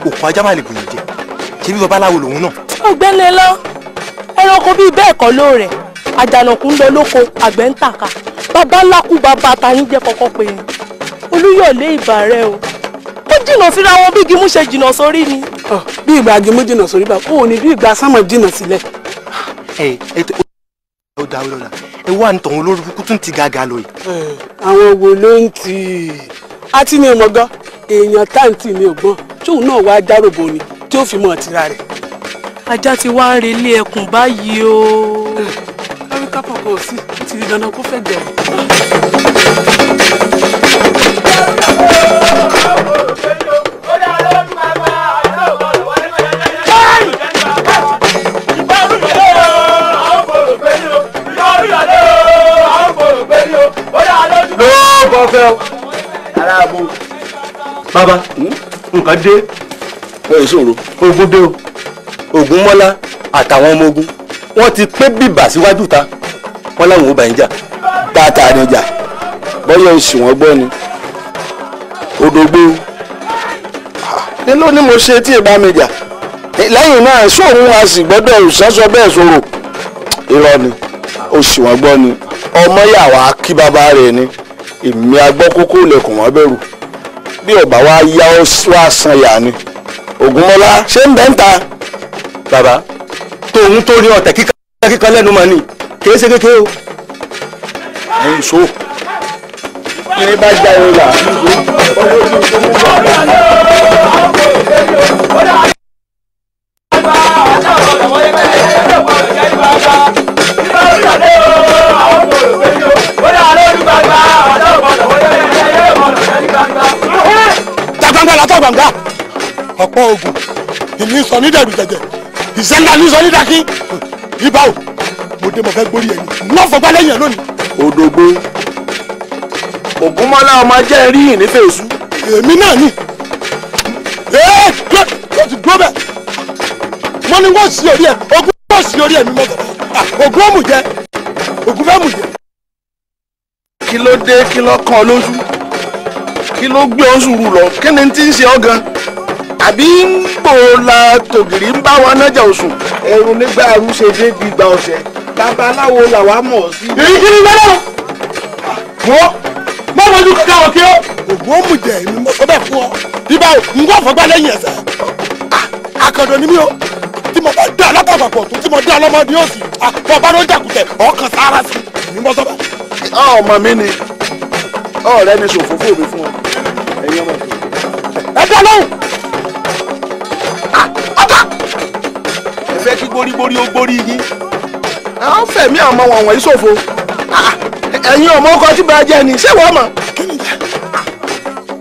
òkú ajá má lè gùn yẹn jẹ ṣé bí babaláwo lòun náà. ọ̀gbẹ́lẹ̀ lọ ẹranko bíi bẹ́ẹ̀ kọ́ ló rẹ̀ àjànàkú ń lọ lóko àgbẹ̀ ń tàka babaláku bàbá tayín jẹ́ kọ́kọ́ pé ni olúyọ̀lé ìbà rẹ o ó jìnnà síra wọn bí gimú ṣe jìnnà sórí ni. bí ìgbà gimú jìnnà sórí bá kó o ní bí ìgbà sámọ̀ jìnnà sílẹ̀. ẹ ẹ tó o dáwé lọ́la ẹ wá nítorí olórúkú tún ti gàgà lọ yìí. àwọn wo ló ń tì í àti ní ọmọ gan èèyàn táǹtì ni ògbọ́n tóun náà wá dáròbó ni tí ó fi mọ̀ tira rẹ̀. ajá ti wá ń relé ẹkùn báyìí o. kárí kápọ̀ kan ò sí ti di dandan kó fẹ́ bẹ̀rẹ̀. ara bò. Baba, hmm? nǹkan dé wọn ò ṣòro ogun dé o Ògúnmọ́lá àtàwọn ọmọ ogun wọ́n ti pé bìbà síwájú ta wọ́n láwọn ò bá ń jà bàtà ni jà bọ́yọ̀ oṣù wọn gbọ́ ni odògbó ní ló ní mo ṣe tí ì bá mi jà lẹ́yìn náà sóòrùn a sì gbọ́dọ̀ òṣìṣẹ́ bẹ́ẹ̀ sọ̀rọ̀ irọ́ ni oṣù wọn gbọ́ ni ọmọ yàwá kí bàbá rẹ̀ ni èmi agbọ́kókó lẹ̀kùn wọn bẹ̀rù bí ọba wa yá ọ wá san yà ni ògúnmọ́lá ṣé ń bẹ́ ń ta. bàbá tòun tó rí ọ̀tẹ̀ kíkan lẹ́nu mọ́ ni kì í ṣe kékeré o. ẹyin so ní bá já ìrora. ọ̀pọ̀ oògùn ìní sọ ní dẹ̀rù jẹ̀jẹ̀ ìṣẹ́ńdà ní sọ ní dákí ibà o mo dé mo fẹ́ gbórí ẹni wọ́n fọgbá lẹ́yìn ẹ̀ lónìí. òdògbó ògúnmọ́lá ọmọ jẹ́ rí ìnífẹ̀ẹ́sù. èmi náà ni ee gbé o ti dúró bẹ́ẹ̀ mo ní wọ́n sí orí ẹ̀ ogun wọ́n sí orí ẹ̀mí mọ́tò ah, ogun ọ̀mù jẹ́ ogun fẹ́ mù jẹ́. kí ló dé kí ló kàn lóṣù kí ló gbé oṣù rù lọ kí ni ti ń ṣe ọ gan àbí ń bò la tògìrì ń bá wọn nájà òsùn ẹrù nígbà ẹrù ṣe dé bí gba ọ̀sẹ̀ babaláwo làwa mọ̀ sí. èyí kí ni bẹ́ẹ̀ wọ́n mọ́ wọn ju kankan òkè ó. ògùn ó jẹ èmi mo sọ bẹ́ẹ̀ fún ọ bíbá o n kò fọgbà lẹ́yìn ẹsẹ̀ akọ̀dọ̀ ni mí o tí mo bá dé alápapọ̀ tó tí mo dé ọlọ́mọdé yóò sì àpò ló jàkùtẹ̀ ọkàn sára sí èmi mo sọ bẹ́ẹ̀. ọmọ mi ni ọ̀rẹ́ mi ṣòfò fún mi fún ọ ẹ̀yin ọmọ mi. ẹ dá lóhùn. fẹ́ kí gbórígbórí ó gbórí yín. àwọn fẹ̀mí ọmọ wọn wọ̀nyí ṣòfò ah, ẹ̀yin ọmọ ọkọ tí bàá jẹ́ ni ṣé wọ́n mọ̀.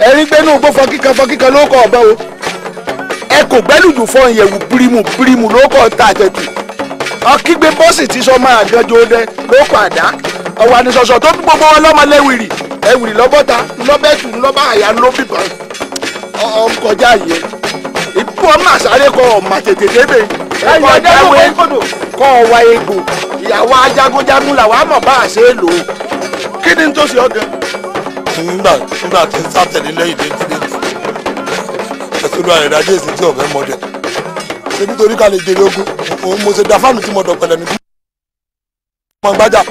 ẹ̀rín gbẹ́nu ògbó fọkíkan fọkíkan ló kọ́ ọ̀bẹ o ẹ kò gbẹ́lùjù fọ ìyẹ̀wù pírímù pírímù ló kọ́ ta àtẹ̀tù ọkígbe bọ́ọ̀sì sọ máa gànjọ dẹ ló àdá tó kọ́ jáwé kọ́ wa egbò ìyàwó ajagunjagun làwa mọ̀ bá a ṣe é lò ó kí ni tó ṣe ọ́ gan. nígbà nígbà tí n sátẹ̀lé lẹ́yìn dé ti dé ẹ̀sùn ló àrẹ̀dá jẹ́ èsì tí ọ̀fẹ́ mọ̀dẹ̀ ṣé nítorí ká lè jèrè ogun òun mo ṣe da fáànù tí mo dọ̀ pẹ̀lẹ́ mi kú. gbájà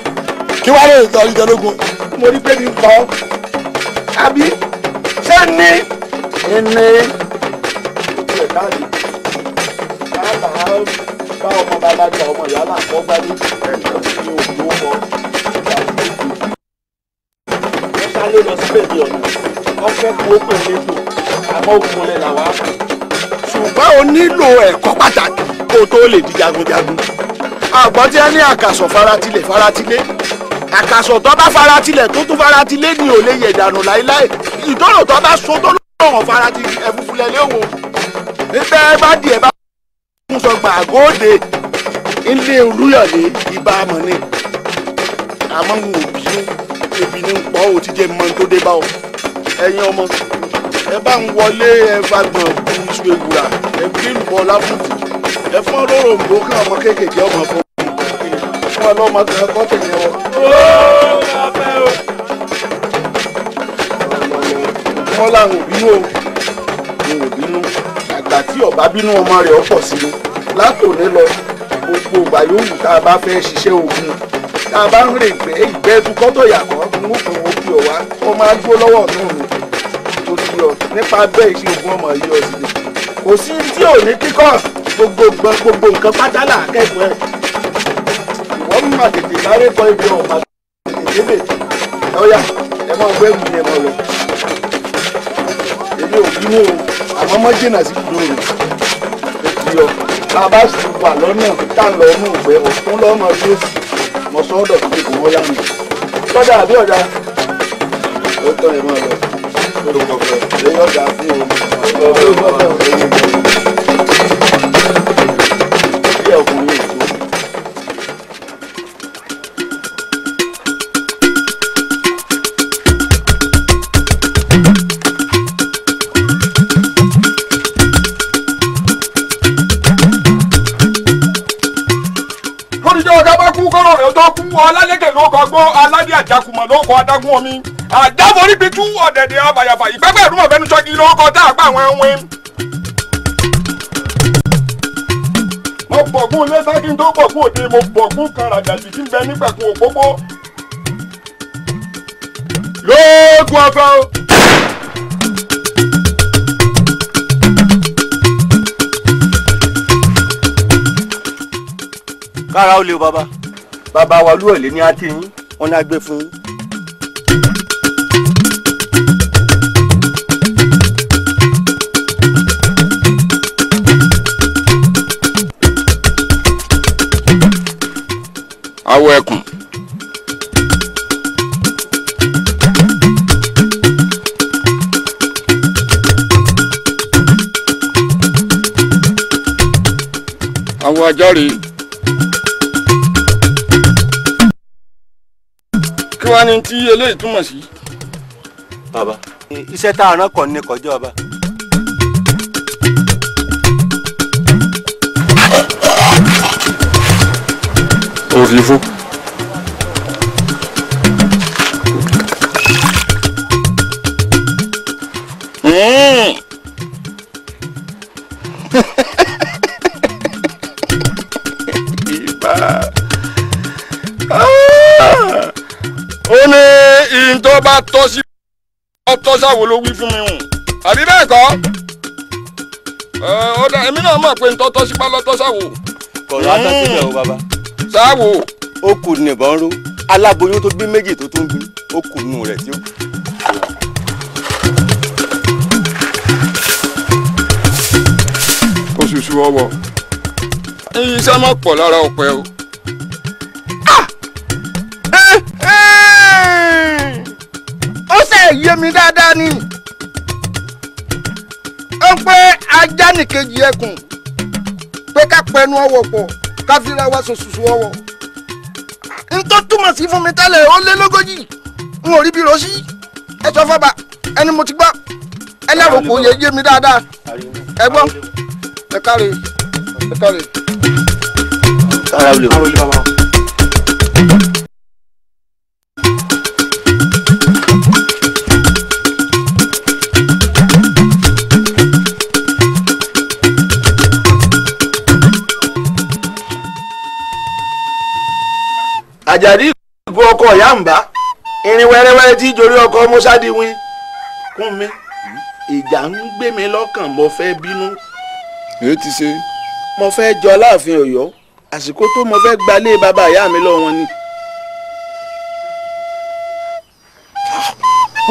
kí wàá lè sọ ìjọlógún. mo rí pé mi kọ́ àbí ṣé ní. ní ní. 大家好。lẹ́rù bá ọmọ bàbá jà ọmọ ìyá náà kọ́ gbá ní ní òjò wọn ìgbà òjò. wọ́n sáré lọ síbẹ̀ ní ọ̀nà wọ́n fẹ́ kó pè lẹ́tọ̀ àmọ́ òkúnlẹ̀ làwọn á kù. ṣùgbọ́n o nílò ẹ̀kọ́ pàtàkì kó o tó lè di jagunjagun àgbọ̀n tí wọ́n ní àkàsọ̀ faratilẹ̀ faratilẹ̀ àkàsọ̀ tó bá faratilẹ̀ tó tún faratilẹ̀ ni ò lè yẹ̀ dànù láéláé ìdọ́rọ̀ tó bá so tó lọ́wọ́ faratilẹ̀ ẹ̀fúnfúnlẹ̀ léwo bẹ́ẹ̀ bá di ẹ̀ bá amúsọgbà àgóòdè ilé olúyọ̀lé ibà mọ̀ ni àmọ́ ń wò bí ebi ní pọ́ ò ti jẹ́ mọ́ tó dé bá ọ ẹ̀yin ọmọ ẹ bá ń wọlé ẹ bá gbọ̀n fún iṣu ewúra ẹ bí lùbọ̀ láfùtì ẹ fọ́n lóró ń bó kí ọmọ kéékèèké ọmọ fọ́ fún ọ lọ́mọ kan kọ́ tẹ̀lé wọn. wọ́n láwọn òbí nù òbí nù àgbà tí ọba bínú ọmọ rẹ̀ ọ̀pọ̀ sí ni látòní lọ gbogbo ìgbà yòówù tá a bá fẹ́ ṣiṣẹ́ ogun tá a bá ń rè pé ìgbẹ́ dukọ́tọ̀ yàtọ̀ ń wò fún òkè ọ̀wá wọ́n máa gbó lọ́wọ́ mi òun tó ti yọ nípa bẹ́ẹ̀ ṣe ogun ọmọ yìí ọ sílẹ̀ kò sí tí ò ní kíkọ́ gbogbo gbogbo nǹkan pátá là kẹ́kọ̀ọ́ ẹ̀ ìwọ́n mú àtètè sáré kọ ibi ọ̀pá ìdílé lọ́yà ẹ máa gbẹ́rù bàbá sì wà lọ́nà tá ń lọ inú ìgbẹ́ ọ̀tún lọ́mọ bí ó sì mọ sọ́dọ̀ pé kò wọ́n lánàá tọ́jà àbí ọ̀dà ó tán ẹ̀ máa lọ lẹ́yìn ọ̀dà sí òun ọ̀dọ̀ ọ̀dọ̀ ọ̀dọ̀ ọ̀dọ̀ ọ̀dọ̀ ọkọ̀ adágún omi àdáforígbitú ọ̀dẹ̀dẹ̀ àbàyàfà ìfẹ́fẹ́ ìrúmọ̀ bẹnu sọ́gi lórúkọ tá a gbà àwọn ẹwìn. mo bọ̀gún lẹ́sàkí tó bọ̀gún òde mo bọ̀gún kan ràjàjì tí bẹ nígbàkun òpópó. yóò gun afẹ́ o. kára ó le o bàbá wa olúwẹ̀lẹ̀ ni a ti wọn ni a fún yín. awo welcome. Kí wá ni ti eléyìí túmọ̀ sí? Bàbá, iṣẹ́ tá a rán ni kọjá ọba. sur le niveau. Mmh. Ah. Ah. ó ní ìyìn tó bá tọ́ sí ọtọ́ sáwo ló wí fún mi hùn àbí bẹ́ẹ̀ kọ́ ọ̀dà èmi náà mọ̀ pé ń tọ́ tọ́ sí pálọ́tọ́ sáwo. kọ̀ọ̀rọ̀ á tàbí bẹ́ẹ̀ mmh. o bàbá táwo. ó kù nìbọn ró aláboyún tó bí méjì tó tún bí ó kù nù rẹ̀ tí ó. oṣooṣù ọwọ iṣẹ́ má pọ̀ lára ọ̀pẹ o. Ah! ó ṣe yé mi dáadáa ni ó pé ajá nìkejì ẹkùn pé ká pẹnu ọwọ́ pọ̀ káfíńra wa sòṣùṣù ọwọ́ n tó túmọ̀ sí fún mi tẹ́lẹ̀ ó lé lógójì n ò rí bí rọ́ọ̀sì ẹ sọ fọba ẹni mo ti gbọ́ ẹlẹ́rù kò yẹ yé mi dáadáa ẹ gbọ́ ẹ káre ẹ káre. Thank you. àjàdí ìgò ọkọ yàǹbá irin wẹ́rẹ́wẹ́rẹ́ tí jorí ọkọ musa di kún mi ìjà ń gbé mi lọ́kàn mo fẹ́ bínú. èyí ti ṣe. mo fẹ́ jọ láàfin ọ̀yọ́ àsìkò tó mo fẹ́ gbalé bàbá ìyá mi lọ́wọ́ ni.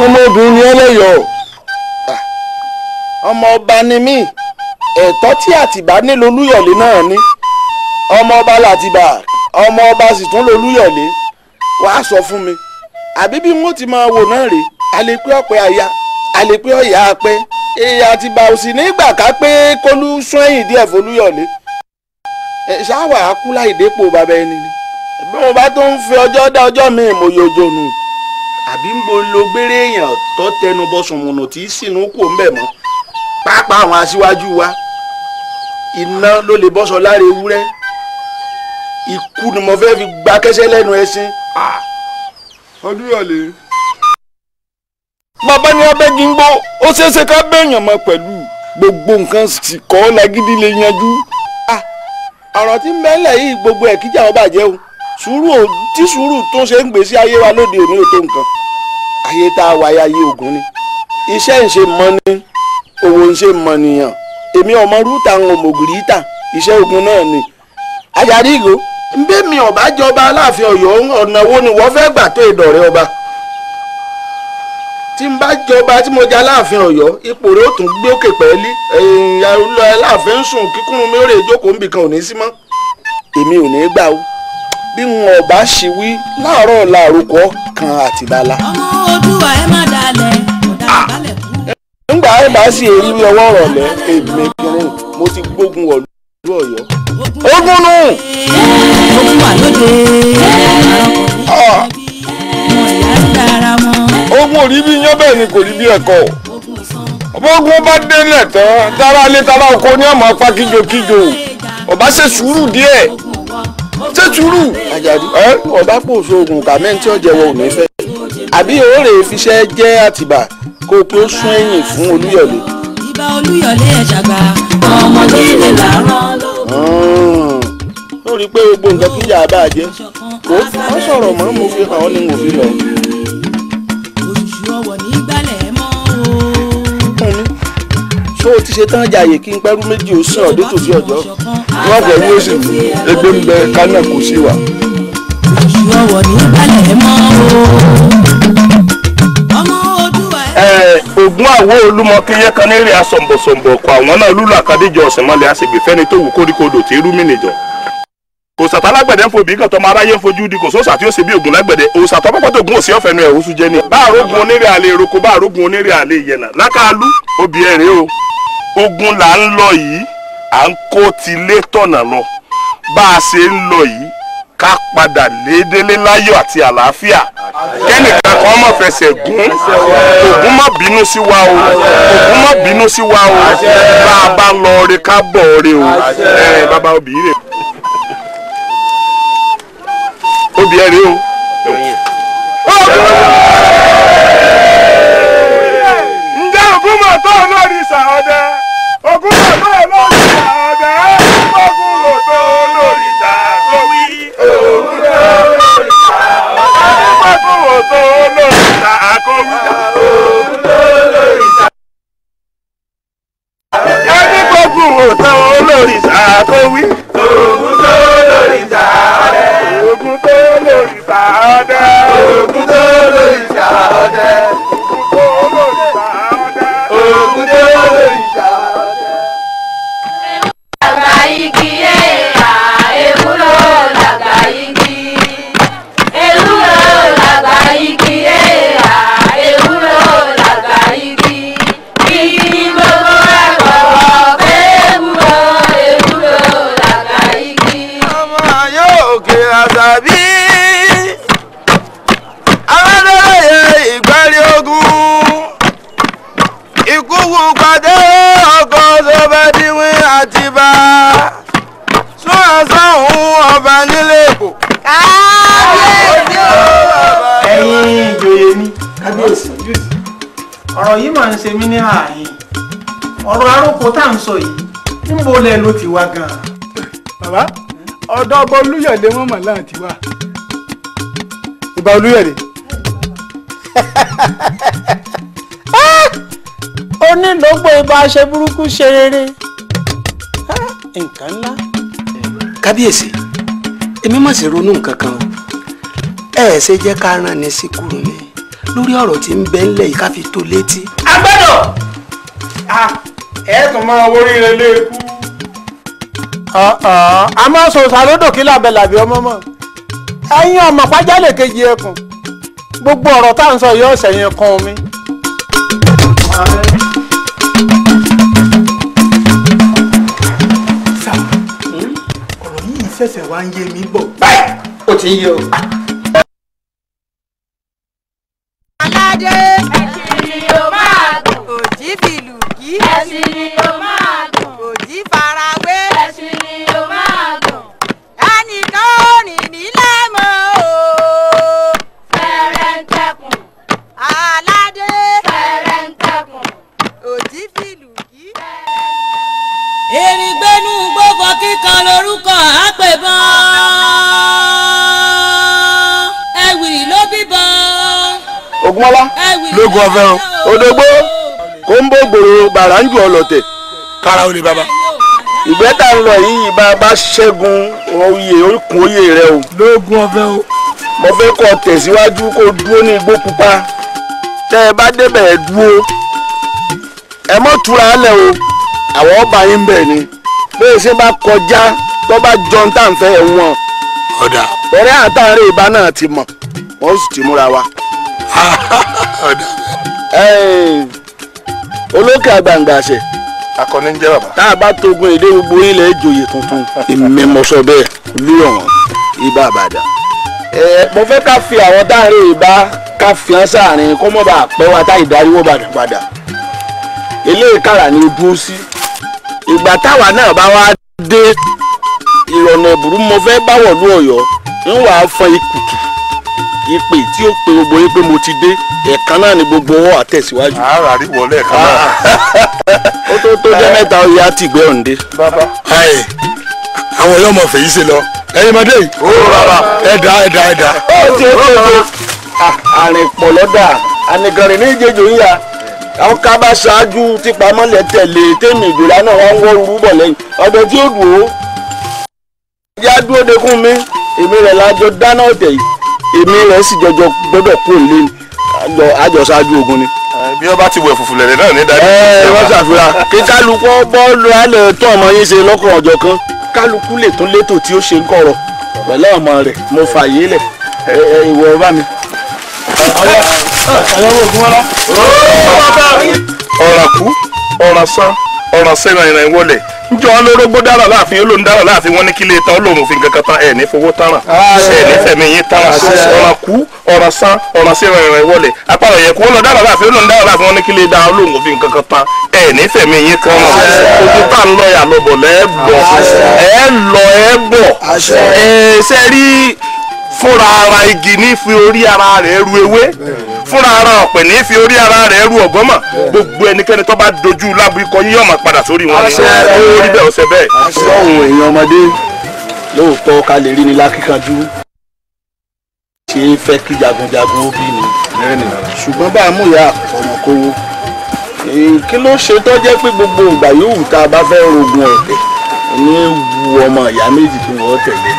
ọmọbìnrin ni ẹlẹ́yọ̀. ọmọ ni mí ẹ̀tọ́ tí àtìbá nílò olúyọ̀lé náà ní ọmọ làtìbá ọmọ ọba sì tún lolúyọ̀lé wàá sọ fún mi àbí bí wọn ti máa wò náà rèé àlepé ọ̀pẹ àyà àlepé ọ̀yà apẹ́ èyí àti bá òsì nígbà ká pé kólú sún ẹ̀yìn díẹ̀ folúyọ̀lé ṣáwà á kú láì dépò bàbá ẹni ni bí wọn bá tó ń fi ọjọ́ dá ọjọ́ mi mo yọjọ nù. àbí ń bo lo gbére èèyàn tó tẹnu bọ sọmọnà tí sínú kò ń bẹ̀ mọ́ pàápàá àwọn aṣíwájú wa iná ló lè bọ́sọ lára ewúrẹ́ ikú ni mo fẹ́ fi gba kẹ́sẹ́ lẹ́nu ẹṣin. ọdúnyọ̀lé. bàbá ni abẹ́gi ń gbọ́ ó ṣeéṣe ká bẹ̀yàn mọ́ pẹ̀lú gbogbo nǹkan sì kọ́ lágídí lè yanjú. ọ̀rọ̀ tí ń bẹ́ńlẹ̀ yìí gbogbo ẹ̀ kíjà ọba jẹ́ o sùúrù tí sùúrù tó ṣe ń gbèsè ayé wa lóde òní ètò nǹkan ayé tá a wáyé ayé ògùn ni iṣẹ́ ń ṣe mọ́ ni owó ń ṣe mọ́ nìyàn èmi ọmọ rúta ń mọ̀gìrì ta iṣẹ́ ògùn náà ni ayárígo nbẹ mi ọba jọba aláàfin Ọ̀yọ́ ọ̀nà wo ni wọ́n fẹ́ gbà tó ìdọ̀rẹ́ ọba tí n bá jọba tí mo jẹ aláàfin Ọ̀yọ́ ipò rẹ̀ ó tún gbé òkè pẹ́ẹ́lí ẹ̀yìn aláàfin ń sùn kíkúrun mi ó rè jókòó nbìkan ò ní sí mọ́ èmi ò ní gbà o bí wọn ọba ṣì wí láàárọ̀ làrúkọ kan àtìbálá. ọmọ Oòduà ẹ má dalẹ̀ ọ̀dà ah! balẹ̀ kú. nígbà ẹ bá sì èrí ọwọ́ rọ̀lẹ́ èmi kiri mo ti gbógun ọ̀lú. Ọ̀yọ́. ogun nù. Ah. bí yán bẹ́ẹ̀ ni kò rí bí ẹ̀kọ́ ogun bá délẹ̀ tán tara lé tara oko ní àmọ́ apá kíjokíjo ọba ṣe sùúrù díẹ̀ ṣe sùúrù. Àjàdí ọba kò sóògùn kàmẹ́ntì ọ̀jẹ̀wọ̀ ò ní fẹ́ àbí òórè fiṣẹ́ jẹ́ Àtìbà kó o pé sún ẹ̀yìn fún Olúyọ̀lé bàbá olúyọ̀lé ẹ̀ṣàgbà ọmọdé lè láràn lóko. ó rí i pé gbogbo nǹkan kí yàrá bá jẹ́ kó wọ́n sọ̀rọ̀ mọ́ mo fi hàn ọ́ ni mo fi lọ. oṣù ọwọ̀ ní gbálẹ̀ mọ́ o. ṣé o ti ṣe tán jàyè kí n pẹ́rú méjì ó sìn ọ̀dẹ́ tòsí ọ̀jọ́. wọ́n fẹ́ ní oṣù ẹgbẹ́ ń bẹ kánà kò sí wa. oṣù ọwọ̀ ní gbálẹ̀ mọ́ o. Eh, ogun àwo olúmọ ka yẹ kan ní rí asọ̀mbọ̀sọ̀mbọ̀ ọkọ̀ àwọn náà lúlù àkàdéjọ ọ̀sẹ̀mọ́lẹ̀ àṣègbè fẹ́ni tó wù kórìkòdò tí irú mi nìjọ. kò sàtà lágbẹ̀dẹ ń fobi kàn tó máa ráyé ń fojú di kò ogun lágbẹ̀dẹ òòsà tó pọ́pọ́ eroko àlè lákàlú obì o ogun là ń lọ yìí à ń kó tọ̀nà lọ bá ká padà lédélé láyọ̀ àti àlàáfíà kẹ́nìkan kan má fẹsẹ̀ gún Ògún má bínú sí wa o Ògún má bínú sí wa o bá a bá lọ re ká bọ̀ re o ẹ bàbá obì rè obì ẹ rè o. ń ṣe mí ní ààyìn ọ̀rọ̀ aróko tá à ń sọ yìí níbo lẹ ló ti wá gan-an. bàbá ọ̀dọ̀ ọba olúyọ̀dé wọn mọ̀ láti wá. *laughs* ìbá olúyọ̀dé. ibà ṣe burúkú ṣe rere nǹkan ńlá. kábíyèsí èmi má sì ronú nǹkan kan o ẹ ẹ ṣe jẹ́ ká rán ni síkúrú ni lórí ọ̀rọ̀ tí ń bẹ ńlẹ̀ yìí ká fi tó létí Ah, ẹ tún máa wórí rẹ léèkú. Ah, ah, a máa sọ sàlódò kí làbẹ làbí ọmọ mọ ẹ̀yin ọmọ pàjálè kejì ẹkùn gbogbo ọ̀rọ̀ tá à ń sọ yìí ọ̀sẹ̀ yẹn kan mi. Hmm? ọ̀rọ̀ yìí ṣẹ̀ṣẹ̀ wá ń yé mi bọ̀ báyìí ó ti ń yé o. ogun ọ̀fẹ́ o odogbo kò ń bó gbòòrò bàrà ń kára o bàbá. ìgbẹ́ ń lọ yìí bàbá ṣẹ́gun oyè oríkun oyè rẹ o. lóògùn ọ̀fẹ́ o. mo fẹ́ kọ́ tẹ̀síwájú kó dúró ní igbó pupa tẹ́ ẹ bá débẹ̀ ẹ dúró ẹ mọ́ túra lẹ̀ o àwọn ọba yín bẹ̀ ni bí ẹ ṣe bá kọjá tó bá jọun ń fẹ́ ẹ̀ wọ̀n ọ̀dà. ọ̀rẹ́ àtàrẹ ìbá náà ti mọ̀ wọ́n sì ti múra wa. *laughs* olókè àgbàǹgbàṣẹ. akọni ń jẹ bàbá. a bá togun èdè gbogbo ilẹ̀ ìjòyè tuntun. èmi sọ bẹ́ẹ̀ lúyọ̀n ibà àbàdà. ẹ mo fẹ́ ká fi àwọn táàrin ìbá ká fi hàn sáàrin kó mọ̀ tá ìdáríwó eléyìí kàrà sí. ìgbà táwa ìpè tí ó pe gbogbo yín pé mo ti dé ẹ̀ẹ̀kan náà ni gbogbo wọn àtẹ̀síwájú. àárà rí wọlé ẹ̀ẹ̀kan náà. *laughs* ó tó tó jẹ́ eh. mẹ́ta oyè á ti gbé òǹde. ayé àwọn ọ̀yọ́ ọmọ fèyí ṣe lọ ẹ̀yin mọ̀dé yìí. ó bàbá ẹ̀dá ẹ̀dá ẹ̀dá. ó ti ó ti ah, àrìn pọ̀ lọ́dà ní ìjejò ń yà àwọn ká ṣáájú ti tẹ̀lé tèmi ìjòlá náà wọ́n ń wọ́ rúrú bọ̀ lẹ́yìn ọ̀dọ̀ tí ó dùn ó. ìyá dúró de kún mi èmi rẹ̀ lájọ dáná ọ̀tẹ̀ yìí èmi rẹ̀ sì jọjọ gbọ́dọ̀ kú òlé àjọ ṣáájú ogun ni. bí wọ́n bá ti wẹ̀ fùfù lẹ̀lẹ̀ náà ní dájú. ẹ wọ́n ṣàfihàn kí kálukú bọ́ọ̀lù alẹ́ tó ọmọ yín ṣe lọ́kọ̀ ọ̀jọ̀ kan kálukú lè tún létò tí ó ṣe ń kọ̀rọ̀ pẹ̀lú ọmọ rẹ̀ mo fààyè lẹ̀ ìwọ bá mi. ọ̀ràkú ọ̀ràsán ọ̀ràsẹ́ràn ìrìn wọlé njọ olórógbó dára láàfin olóhùn dára láàfin wọn ní kí lè tán olóhùn òfin kankan tán ẹ ní fowó tán ẹ fẹmi yín tán ọ̀ràn kú ọ̀ràn san ọ̀ràn sí ìrìnrìn wọlé apára yẹ kó lọ dára láàfin olóhùn dára láàfin wọn ní kí lè dá olóhùn òfin kankan tán ẹ ní fẹmi yín tán ojú tá ń lọ yà lọ bọ̀ lẹ́ẹ̀ bọ̀ ẹ lọ ẹ bọ̀ ẹ sẹ́rí fúnra ara igi ní fi orí ara rẹ̀ ru ewé fúnra ara ọ̀pẹ̀ ní fi orí ara rẹ̀ ru ọ̀gọ́mọ̀ gbogbo ẹnikẹ́ni tó bá dojú lábúrí kọ yíyọ̀ máa padà sórí wọn ni ó rí bẹ́ẹ̀ ọ̀sẹ̀ bẹ́ẹ̀. sọ́hun èèyàn ọmọdé lóòótọ́ ká lè rí ni lákìkanjú ṣe é fẹ́ kí jagunjagun ó bí ni ṣùgbọ́n bá a mú ìyá ọ̀nà kówó kí ló ṣe tó jẹ́ pé gbogbo ìgbà yòówù tá a bá fẹ́ rogun ọ̀tẹ̀ ní wu ọmọ ìyá méjì tí wọ́n tẹ̀lé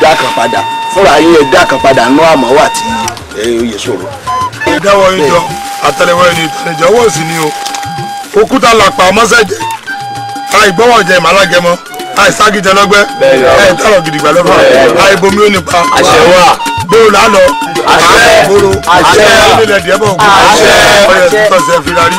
lọ ẹ̀ padà fúnra yín ẹ dá kan padà nú àmọ́ wà tí oyè sòrò. ìdáwọ́ yín jọ àtẹ́lẹwọ́ yín ìtànìjọ wọ̀ sí ni o òkúta làpà ọmọsẹ̀jẹ̀ àìgbọ́wọ̀ jẹ ìmàlágẹmọ àìságìjẹ lọ́gbẹ́ ẹ̀ tọrọ gidigba lọ́rọ̀ àìbomi ó nípa bóòlù àlọ́ àṣẹ ìgboro àṣẹ onílẹ̀ díẹ̀ bọ̀ ògùn àṣẹ ọ̀yẹ̀ tó tọ̀sẹ̀ fìlà rí.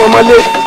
my mọ́lé.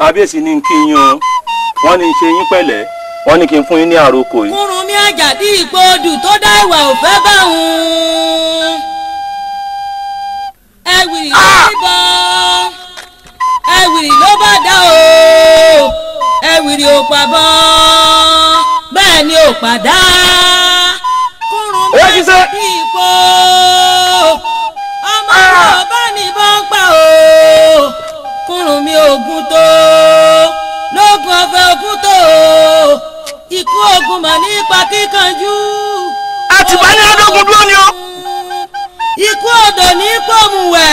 kábíyèsí ní kí yín o wọ́n ní ṣe yín pẹ̀lẹ́ wọ́n ní kí n fún yín ní àròkọ yìí. kúrun mi àjàdí ìgbòdù tó dá ìwà òfẹ́ bá òun ẹwìrì ló ah! bá ló bá dá o ẹwìrì ò pàbọ bẹ́ẹ̀ ni ò pàdá kúrun mi àjàdí ìgbò ọmọ ọba ah! nìbọn pa o ogun tó lógun ọ̀fẹ́ ogun tó ikú ogun mọ̀ nípa kíkanjú. àtìpá ní adógun dúró ni ó. ikú odò ní pòmùwẹ̀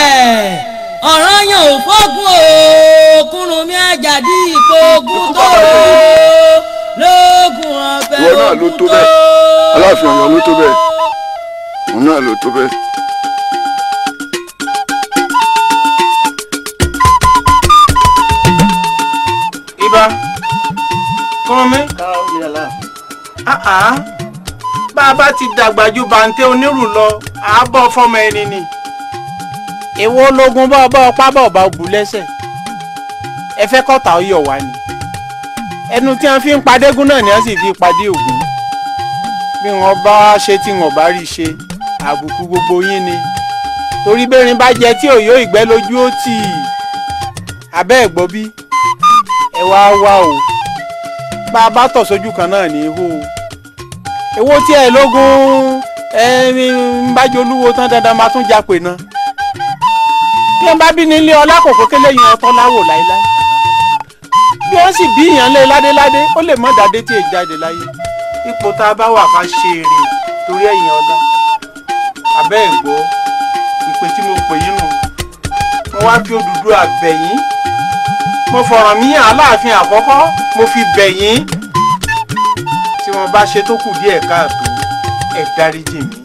ọ̀ràn yẹn ò fọ́gun òkúrùnmí àjàdí ikú ogun tó lógun ọ̀fẹ́ ogun tó. ìwọ náà ló tó bẹ́ẹ̀ aláàfin ọ̀yọ́ ló tó bẹ́ẹ̀ òun náà ló tó bẹ́ẹ̀. Ibà. Kọ́mọ mi. Ah, ah, bá a bá ti dàgbà ju bàǹtẹ́ onírù lọ, àábọ̀ fọmọ ẹni ni. Èwo ológun bá ọba ọpá bá ọba òbú lẹ́sẹ̀. Ẹ fẹ́ kọ́ta ọyọ̀ wá ni. Ẹnu tí wọ́n fi ń padégún náà ni wọ́n sì fi padé ògún. Bí wọ́n bá ṣe tí wọ́n bá rí ṣe, àbùkù gbogbo yín ni. Torí bẹ́rin bá jẹ tí òyò ìgbẹ́ lójú ó tì í. Abẹ́ ẹ̀gbọ́ bí ẹ wá wá o bá a bá tọ̀ sójú kan náà ní ihò èwo tí ẹ lógún ẹ ń bá jolúwo tán dandan máa tún jápè náà bí wọn bá bí nílé ọlá kòkó kélé yan ọtọ láwò láéláé bí wọn sì bí ìyàn lé ládéládé ó lè mọ dàdé tí èyí jáde láyé ipò tá a bá wà ká ṣe èrè torí ẹ̀yìn ọlá abẹ́ ẹ̀ gbọ́ ìpè tí mo pè yín nù mo wá fi Odùduwà bẹ̀ mo fọ̀rọ̀ mí aláàfin àkọ́kọ́ mo fi bẹ̀ yín tí wọ́n bá ṣe tó kù díẹ̀ káàtó ẹ dáríjì mí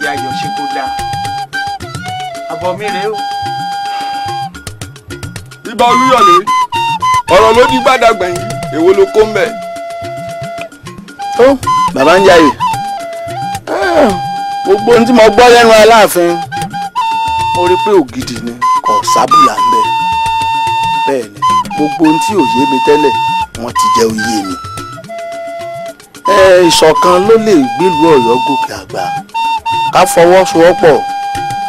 ìyá ayọ̀ ṣe kó dáa àbọ̀ mi rèé o. ibà olúyọ̀lé ọ̀rọ̀ ló di gbàdàgbẹ̀yìn èwo ló kó mbẹ̀. ó bàbá ń jayè ah, gbogbo ohun tí mo gbọ́ lẹ́nu aláàfin mo rí i pé ògidì ni kò sábùlà ń bẹ̀ gbogbo ohun tí ò yé mi tẹ́lẹ̀ wọ́n ti jẹ́ oyé mi. ẹ ìṣọ̀kan ló lè gbìlú ọ̀yọ́ gòkè àgbà ká fọwọ́sowọ́pọ̀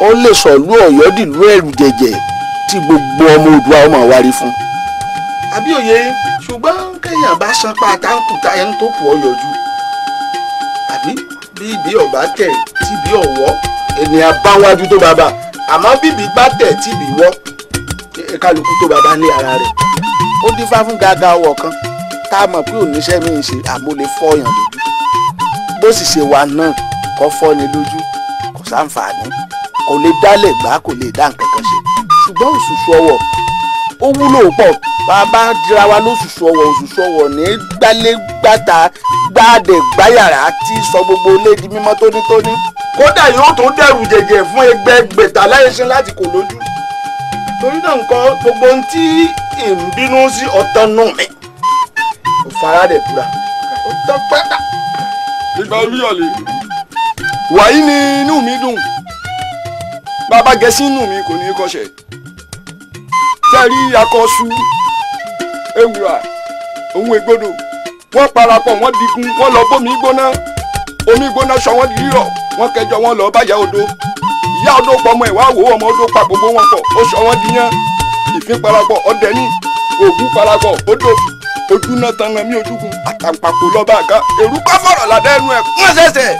ó lè sọ̀lú ọ̀yọ́ dìlú ẹ̀rù jẹ̀jẹ̀ tí gbogbo ọmọ Oòduà ọmọ wárí fún. àbí òye ṣùgbọ́n kéèyàn bá sanpa táǹkùtà ẹni tó kù ọ yọjú àbí bí ibi ọba tẹ̀ tíbi ọ̀wọ́ ènìyàn bá wájú tó bàbá àmọ́ bíbí bá tẹ̀ tíbi wọ́ kálukú tó bàbá ní ara rẹ̀ ó dífá fún gàgà ọwọ́ kan tá a mọ̀ pé oníṣẹ́ mi ń ṣe àmúlẹ̀ fọ́ọ̀yàn lójú bó sì ṣe wà náà kọ́ fọ́ni lójú kò sáǹfààní kò lè dálẹ̀ gbá kò lè dá nǹkan kan ṣe ṣùgbọ́n òṣùṣù ọwọ́ ó wúlò pọ̀ bàbá dira wa lóṣùṣù ọwọ́ òṣùṣù ọwọ́ ní gbálégbàtà gbáàdẹ̀ gbáyàrá tí sọ gbogbo ilé di mímọ́ tónítóní kódà yóò tó dẹrù jẹjẹ fún ẹgbẹgbẹ̀ta láyé ṣe láti kò lójú torí náà nǹkan gbogbo ohun tí ìbínú sí ọ̀tán nù mí kò fara rẹ̀ búra ó tán pátá. ìgbà olúyọ̀lé wàyí ni inú mi dùn bàbá gẹ̀ẹ́sì inú mi kò ní í kọ́ṣẹ́ sẹ́rí akọ́ṣu ewùrà òun ègbodò wọ́n parapọ̀ wọ́n digun wọ́n lọ bómi gbóná omi gbóná sọ wọ́n rírọ̀ wọ́n kẹjọ wọn lọ báyà odò ìyá odò pọ̀ ọmọ ìwà wò ọmọ odò pa gbogbo wọn pọ̀ ó sọ wọ́n di yán ìfín parapọ̀ ọdẹ ní ògún parapọ̀ odòfì ojúná tanra mi ojúkun àtàǹpàkò lọ́ba àga èrú bá fọ̀rọ̀ ládẹ́ ẹnu ẹ̀ kún ṣẹ̀ṣẹ̀.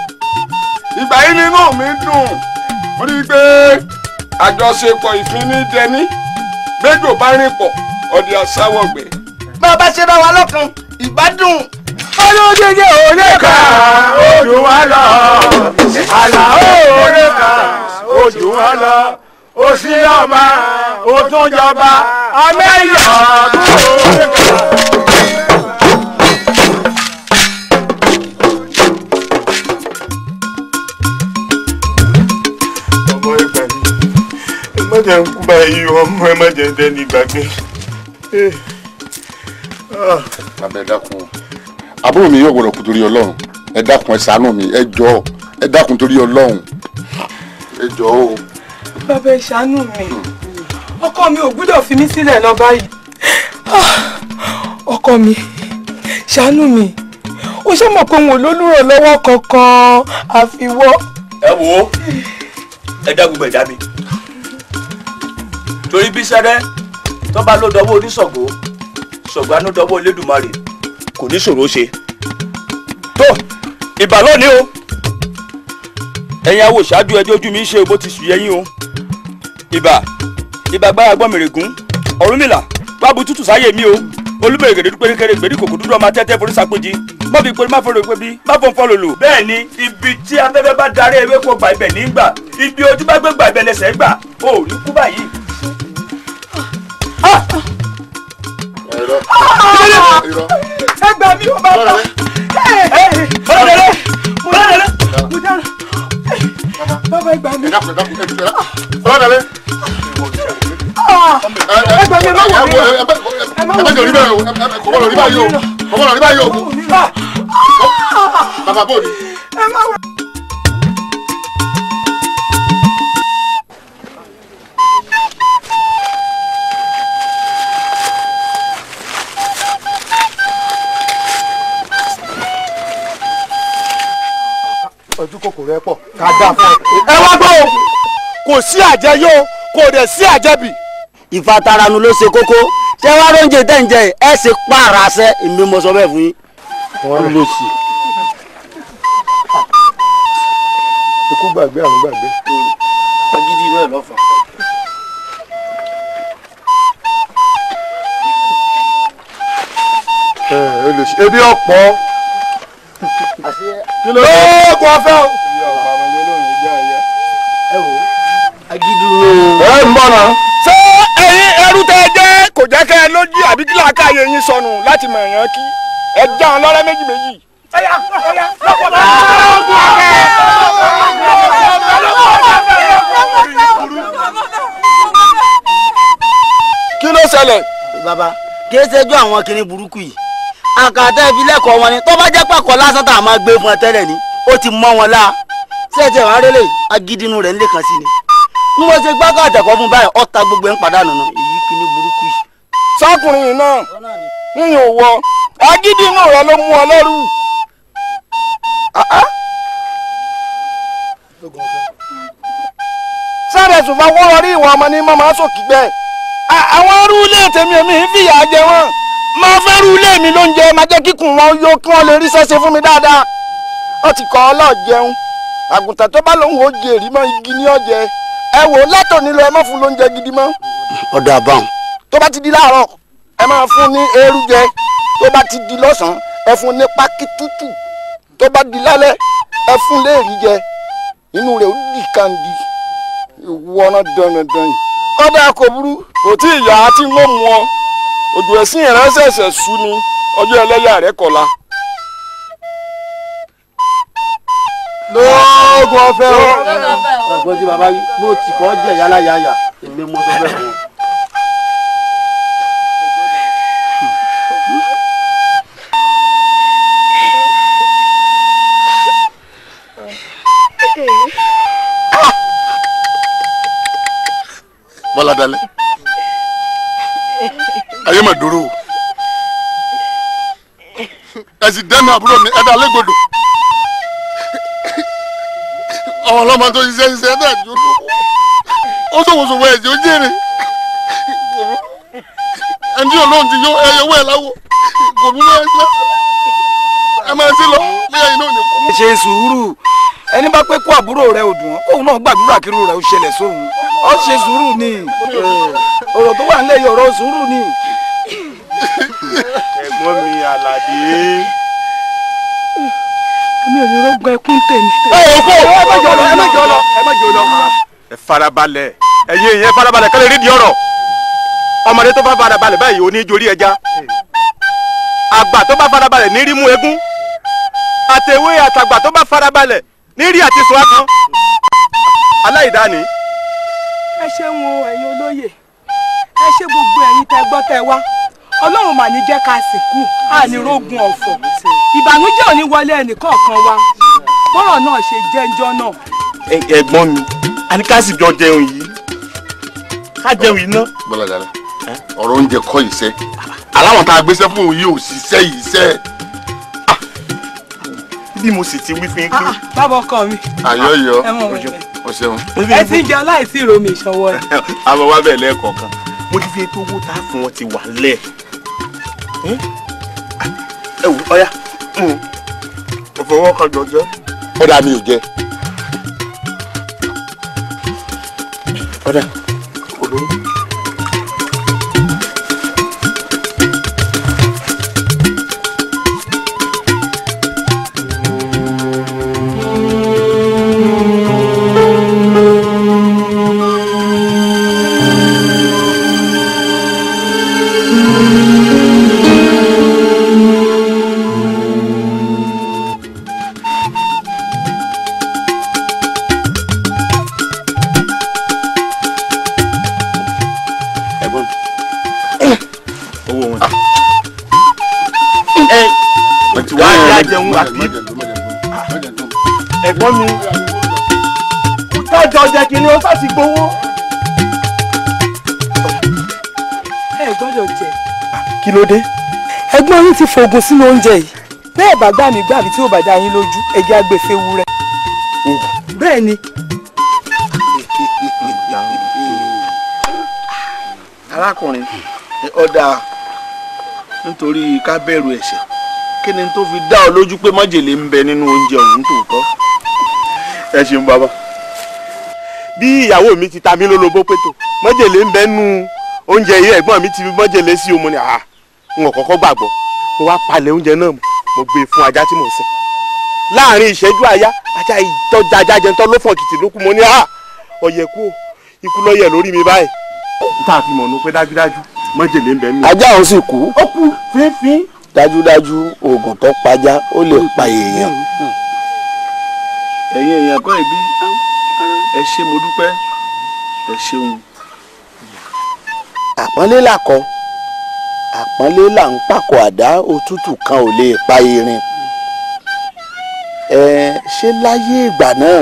ìgbà yìí nínú mi dùn mo rí i pé àjọṣepọ̀ ìfínnidẹni gbẹ́jọ bá rìn pọ̀ ọdẹ àṣàwọ̀ gbẹ. bàbá ṣe ra wa lọ́kàn ìgbádùn. olójijì òrèkà ojú wa lọ àlà òrèkà ojú wa lọ ó sí ọba ó tún jọba amẹ́yọ̀ ọdún. má jẹ́ ń kú báyìí ọmọ ẹ má jẹ́ dẹ́ni gbàgbé. Ah. bàbá ẹ dákun àbúrò mi yóò gbọdọ̀ kú torí ọlọ́run ẹ dákun ẹ ṣàánú mi ẹ jọ̀ọ́ ẹ dákun torí ọlọ́run ẹ jọ̀ọ́ o bàbá ẹ ṣàánú mi ọkọ mi ò gbúdọ̀ fi mí sílẹ̀ lọ báyìí ah, ọkọ mi ṣàánú mi ó ṣe mọ̀ pé wọn ò lólùrànlọ́wọ́ kankan àfiwọ́. ẹ wo ẹ dá gbogbo ẹ̀dá mi torí bí sẹ́rẹ́ tó bá ló dọwọ́ oníṣọ̀gbó ṣọ̀gbó anú dọwọ́ Olódùmarè kò ní ṣòro ṣe tó ìbàlọ́ ni o ẹ̀yin awo ṣáájú ẹjọ́ ojú mi ń ṣe bó ti ṣù yẹ o ìbà ìbà gbára gbọ́n mèrègún ọ̀rúnmìlà wá bu tútù sáyé mi o olúbẹ̀rẹ̀ gèdè dúpẹ́ kékeré gbèdí kòkò dúdú ọmọ atẹ́tẹ́ forí sàpèjì má fi pèrè má fọ̀rọ̀ ìpè bí má fọ̀ nǹkan lòlò. bẹ́ẹ̀ ni ibi tí afẹ́fẹ́ bá darí ewé kó gbà ibẹ̀ ní ibi ojú bá gbé gbà ibẹ̀ lẹ́sẹ̀ gbà o ò ní kú báyìí. Ah! ẹ gbà mí o bàbá bàbá ìgbà mi. ọlọ́dàlẹ́. ẹgbẹ́ mi máa wọ̀ mí lọ. ẹ má jọ rí báyìí o kò bọ́ lọ rí báyìí o kò bọ́ lọ rí báyìí o. bàbá bò ní. ẹ má wọ̀. kòkòrò ẹ pọ̀ ká dá fún ẹ. ẹ wá gbọ́ kò sí àjẹyó kò dẹ̀ sí àjẹbì. ìfataranu ló ṣe kókó ṣé wàá lóúnjẹ tẹ̀ ń jẹ ẹ ṣe pààrà ṣẹ́ èmi mo sọ bẹ́ẹ̀ fún yín. wọ́n lọ sí i. ikú gbàgbé àrùn gbàgbé. agídí inú ẹ̀ lọ́fà. ẹ ẹ lè ṣe ebi ọ̀pọ̀ kí ló dé kó o fẹ́ o. ẹ wo agídúró. ẹ ń bọ̀ náà. ṣé ẹ̀yin ẹrú tẹ ẹ jẹ́ kò jẹ́ kẹ́ ẹ lójú àbí kí làákà yẹ yín sọnù láti mọ̀ ẹ̀yàn kí ẹ já wọn lọ́rẹ́ méjì méjì. ọ̀yà ọ̀yà lọ́pọ̀ bá a gbọ́ kí ló ṣẹlẹ̀. bàbá kí ẹ ṣẹjú àwọn kinní burúkú yìí àkàtà ìfilẹ́kọ̀ọ́ wọn ni tó bá jẹ́ pàkọ́ lásán tá a máa gbé fún ẹ tẹ́lẹ̀ ni ó ti mọ́ rẹ̀ ńlẹ̀ kan sí ni n mo ṣe gbága àjàkọ́ fún báyìí ọ̀tá gbogbo ẹ̀ ń padà nùnà èyí kìíní burúkú yìí. sákùnrin náà ń yàn wọ agídínú rẹ ló mú ọ lẹ́rù. sáré wọ́n ìwà ọmọ ní mọ́ ah, máa máa fẹ́ rú ilé mi lóúnjẹ máa jẹ́ kíkùn wọn yó kí wọ́n lè rí sẹ́sẹ́ fún mi dáadáa wọ́n ti kọ́ ọlọ́ọ̀jẹun àgùntàn tó bá lòun ò jẹ èrí mọ́ igi ní ọ̀jẹ̀ ẹ wò ó látòní ẹ má fún lóúnjẹ gidi mọ́. ọ̀dọ̀ àbáwọn. tó bá ti di láàárọ̀ ẹ máa fún ní eérú jẹ tó bá ti di lọ́sàn-án ẹ fún ní pákí tútù tó bá di lálẹ́ ẹ fún léèrí jẹ inú rẹ̀ ó dì kandi ìwọ náà dandan yìí. ọ̀dà kò burú òtí ìyá àti ń mọ̀ mu ọ òjò ẹ̀sìn yẹn ránṣẹ̀ṣẹ̀ sú ni ọjọ́ ẹlẹ́yà rẹ̀ kọ̀la. lóògùn ọ̀fẹ́ o ọgbọ́n tí baba ló ti kọ́ jẹ́ yálàyàyà èmi mo bẹ́ẹ̀ fún Bọ́lá dalẹ̀. mà dòrò o ẹ̀sìn dẹ́nu àbúrò mi ẹ̀dá lẹ́gbọ̀dọ̀ àwọn ọlọ́mọ se ṣiṣẹ́ ṣiṣẹ́ ẹ̀dá o so ṣòwòṣòwò ẹ̀jẹ̀ ó jèrè ẹ̀ndí ọlọ́run ti yọ ẹyẹwò ẹ̀ láwọ̀ kò mú wọ́n ẹ̀ṣẹ́ ẹ máa ṣe lọ bóyá iná ò ní kú. ṣe rẹ ẹ̀gbọ́n mi àlàdé. èmi ò ní rọgbọ ẹkún tèmi. ẹ ò kó ẹ má jọ lọ ẹ má jọ lọ ẹ má jọ lọ. ẹ farabalẹ̀ ẹ̀yin èèyàn ẹ farabalẹ̀ kálẹ̀ rídìí ọ̀rọ̀ ọmọdé tó bá farabalẹ̀ báyìí ò ní jorí ẹja àgbà tó bá farabalẹ̀ ní rí mú egún àtẹ̀wé àtàgbà tó bá farabalẹ̀ ní rí àti sùn akán aláìdáni. ẹ ṣeun o ẹ̀yin olóye ẹ ṣe gbogbo ẹ̀yin tẹ́ gbọ́ tẹ́ wá ọlọ́run mà ní jẹ́ ká sìnkú àní ọ̀fọ̀ ìbànújẹ́ ò ní wọlé ẹnìkọ̀ọ̀kan wa bọ́rọ̀ náà ṣe jẹ́ ńjọ́ náà. ẹ̀gbọ́n mi a ní ká sì jọ jẹun yìí ká jẹun yìí náà. ọ̀rọ̀ oúnjẹ kọ́ iṣẹ́ aláwọn tá a gbéṣẹ́ fún òun yìí ò ṣiṣẹ́ yìí ṣẹ́ ah, bí mo sì ti wí fún yín pé. Ah, bábọ̀ kọ mi. àyọ̀yọ̀ o ah, ṣeun. ẹ ti ń jẹ aláìsí ìròmì ìṣọwọ́ rẹ. àbọ̀ *laughs* wá bẹ̀ lẹ́ẹ̀kọ̀ọ̀kan mo ti fi ètò owó tá a fún wọn ti wà lẹ́ẹ̀ ẹ wò ọyá mo fọwọ́ kan jọ jẹ. ọ̀dà mi ò jẹ. ọ̀dà olórí. ṣoògùn sínú oúnjẹ yìí bẹ́ẹ̀ bá gbà mí gbà mí tí ò bá dá yín lójú ẹ̀jẹ̀ agbèfẹ́ wúrẹ́. bẹ́ẹ̀ ni. arákùnrin ọ̀dà nítorí ká bẹ̀rù ẹ̀ṣẹ̀ kí ni tó fi dá ọ lójú pé májèlé ń bẹ nínú oúnjẹ ọ̀hún tòótọ́. ẹ ṣeun bàbá bí ìyàwó mi ti ta mí lólobó pé tó májèlé ń bẹ nínú oúnjẹ yìí ẹ̀gbọ́n mi ti fi májèlé sí omo ni àá n ò kọ́kọ́ gbàgbọ́ mo wá palẹ̀ oúnjẹ náà mo gbé e fún ajá tí mò ń sìn láàrin ìṣẹ́jú àyá ajá ìtọ́jà ajá jẹun tán ló fọ̀ kìtì lókun mo ní à ah, ọ̀yẹ̀ kú ikú lọ́yẹ̀ lórí mi báyìí. tá a fi mọ̀ ní pé dájúdájú májèlé ń bẹ mí. ajá òun sì kú. ó kú fínfín. dájúdájú oògùn tó pajá ó lè pa èèyàn. ẹ̀yin èèyàn kọ́ ìbí ẹ ṣé mo dúpẹ́ ẹ ṣeun. àpọ́nlé làkọ́ àpọ́nlé là ń pàkọ́ àdá òtútù kan ò lè pa erin ẹ ṣe láyé ìgbà náà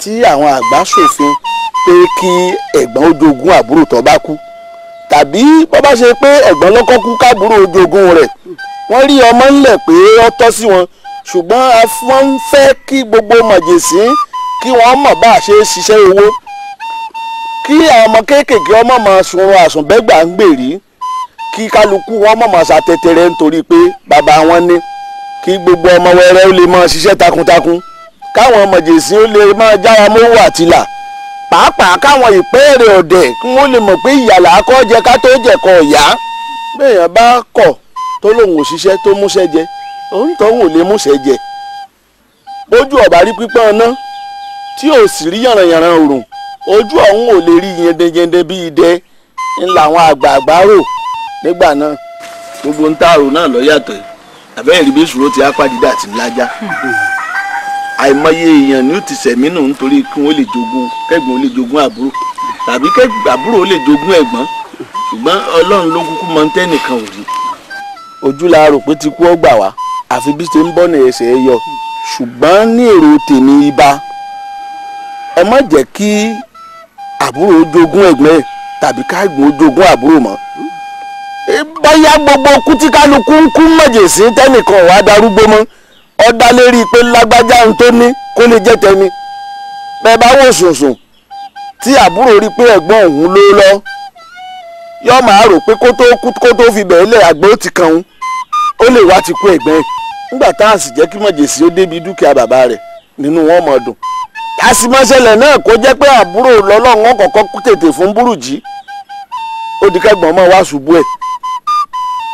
tí àwọn àgbà ṣòfin pé kí ẹ̀gbọ́n ojogun àbúrò tó bá kú tàbí bó bá ṣe pé ẹ̀gbọ́n lọ́kọ́ kú kábúrò ojogun rẹ̀ wọ́n rí ọmọ ńlẹ̀ pé ó tọ́ sí wọn ṣùgbọ́n wọ́n ń fẹ́ kí gbogbo mọ̀jèsí kí wọ́n mọ̀ bá a ṣe ṣiṣẹ́ owó kí àwọn ọmọ kéékèèké ọmọ mọ̀ sùnrùn àsùnbẹ́gbà ń gbèrí kí kálukú wọn mọ̀mọ́ ṣàtẹ̀tẹ̀rẹ̀ nítorí pé bàbá wọn ní kí gbogbo ọmọ wẹrẹ́ ó lè máa ṣiṣẹ́ takuntakun káwọn ọmọjèsí ó lè máa jára mówó àtìlà pàápàá káwọn ìpẹ́ẹ̀rẹ̀ ọ̀dẹ̀ kí wọ́n lè mọ̀ pé ìyàlá akọ́ jẹ ká tó jẹ̀kọ̀ ọ̀yá bẹ́ẹ̀yàn bá kọ̀ tó lòun ò ṣiṣẹ́ tó múṣẹ́ jẹ òun tọ́hún ò lè múṣẹ́ jẹ bójú ọ̀bá rí pípọ́n ná tí ò sì rí yànrànyànràn òrùn ojú ọ̀hún ò lè rí yẹndẹyẹndẹ bíi idẹ ńlá àwọn àgbààgbà rò nígbà náà gbogbo ń tààrò náà lọ yàtọ̀ yìí ìṣòro ti apádídà àti lájá àìmọye èèyàn ni ó ti sẹ̀mí nù nítorí kí wọ́n lè jogún kẹ́gbọ́n lè jogún àbúrò tàbí àbúrò lè jogún ẹ̀gbọ́n ṣùgbọ́n ọlọ́run ló kúkú mọ tẹ́nìkan ò ojú la rò pé ti kú ọgbà wá àfi bí ṣe ń bọ́ ní ẹsẹ̀ ẹ yọ ṣùgbọ́n ní èrò tèmi ibà ẹ má jẹ́ kí àbúrò jogún ẹ̀gbọ́n ẹ̀ tàbí káàgbọ́n jogún àbúrò mọ́ bóyá gbogbo kú tí kálukú ń kú mọ̀jèsí tẹ́nìkan wàá darúgbó mọ́ ọ dá lérí pé lágbájá ń tó ní kó lè jẹ́ tẹ́ni bẹ́ẹ̀ bá wò sùnsùn tí àbúrò rí pé ẹ̀gbọ́n òun ló lọ yọ máa rò pé kó tó kú kó tó fi bẹ̀ẹ́ lẹ̀ àgbẹ̀ ó ti kàn ún ó lè wá ti kú ẹ̀gbọ́n nígbà tá à sì jẹ́ kí mọ̀jèsí ó débi dúkìá bàbá rẹ̀ nínú wọn mọ̀ dùn àsìmọ́sẹ̀lẹ̀ náà kó jẹ́ pé àbúrò lọ́lọ́run kọ̀ọ̀kan tètè fún búrùjí ó di kẹ́gbọ́n mọ́ wá ṣubú ẹ̀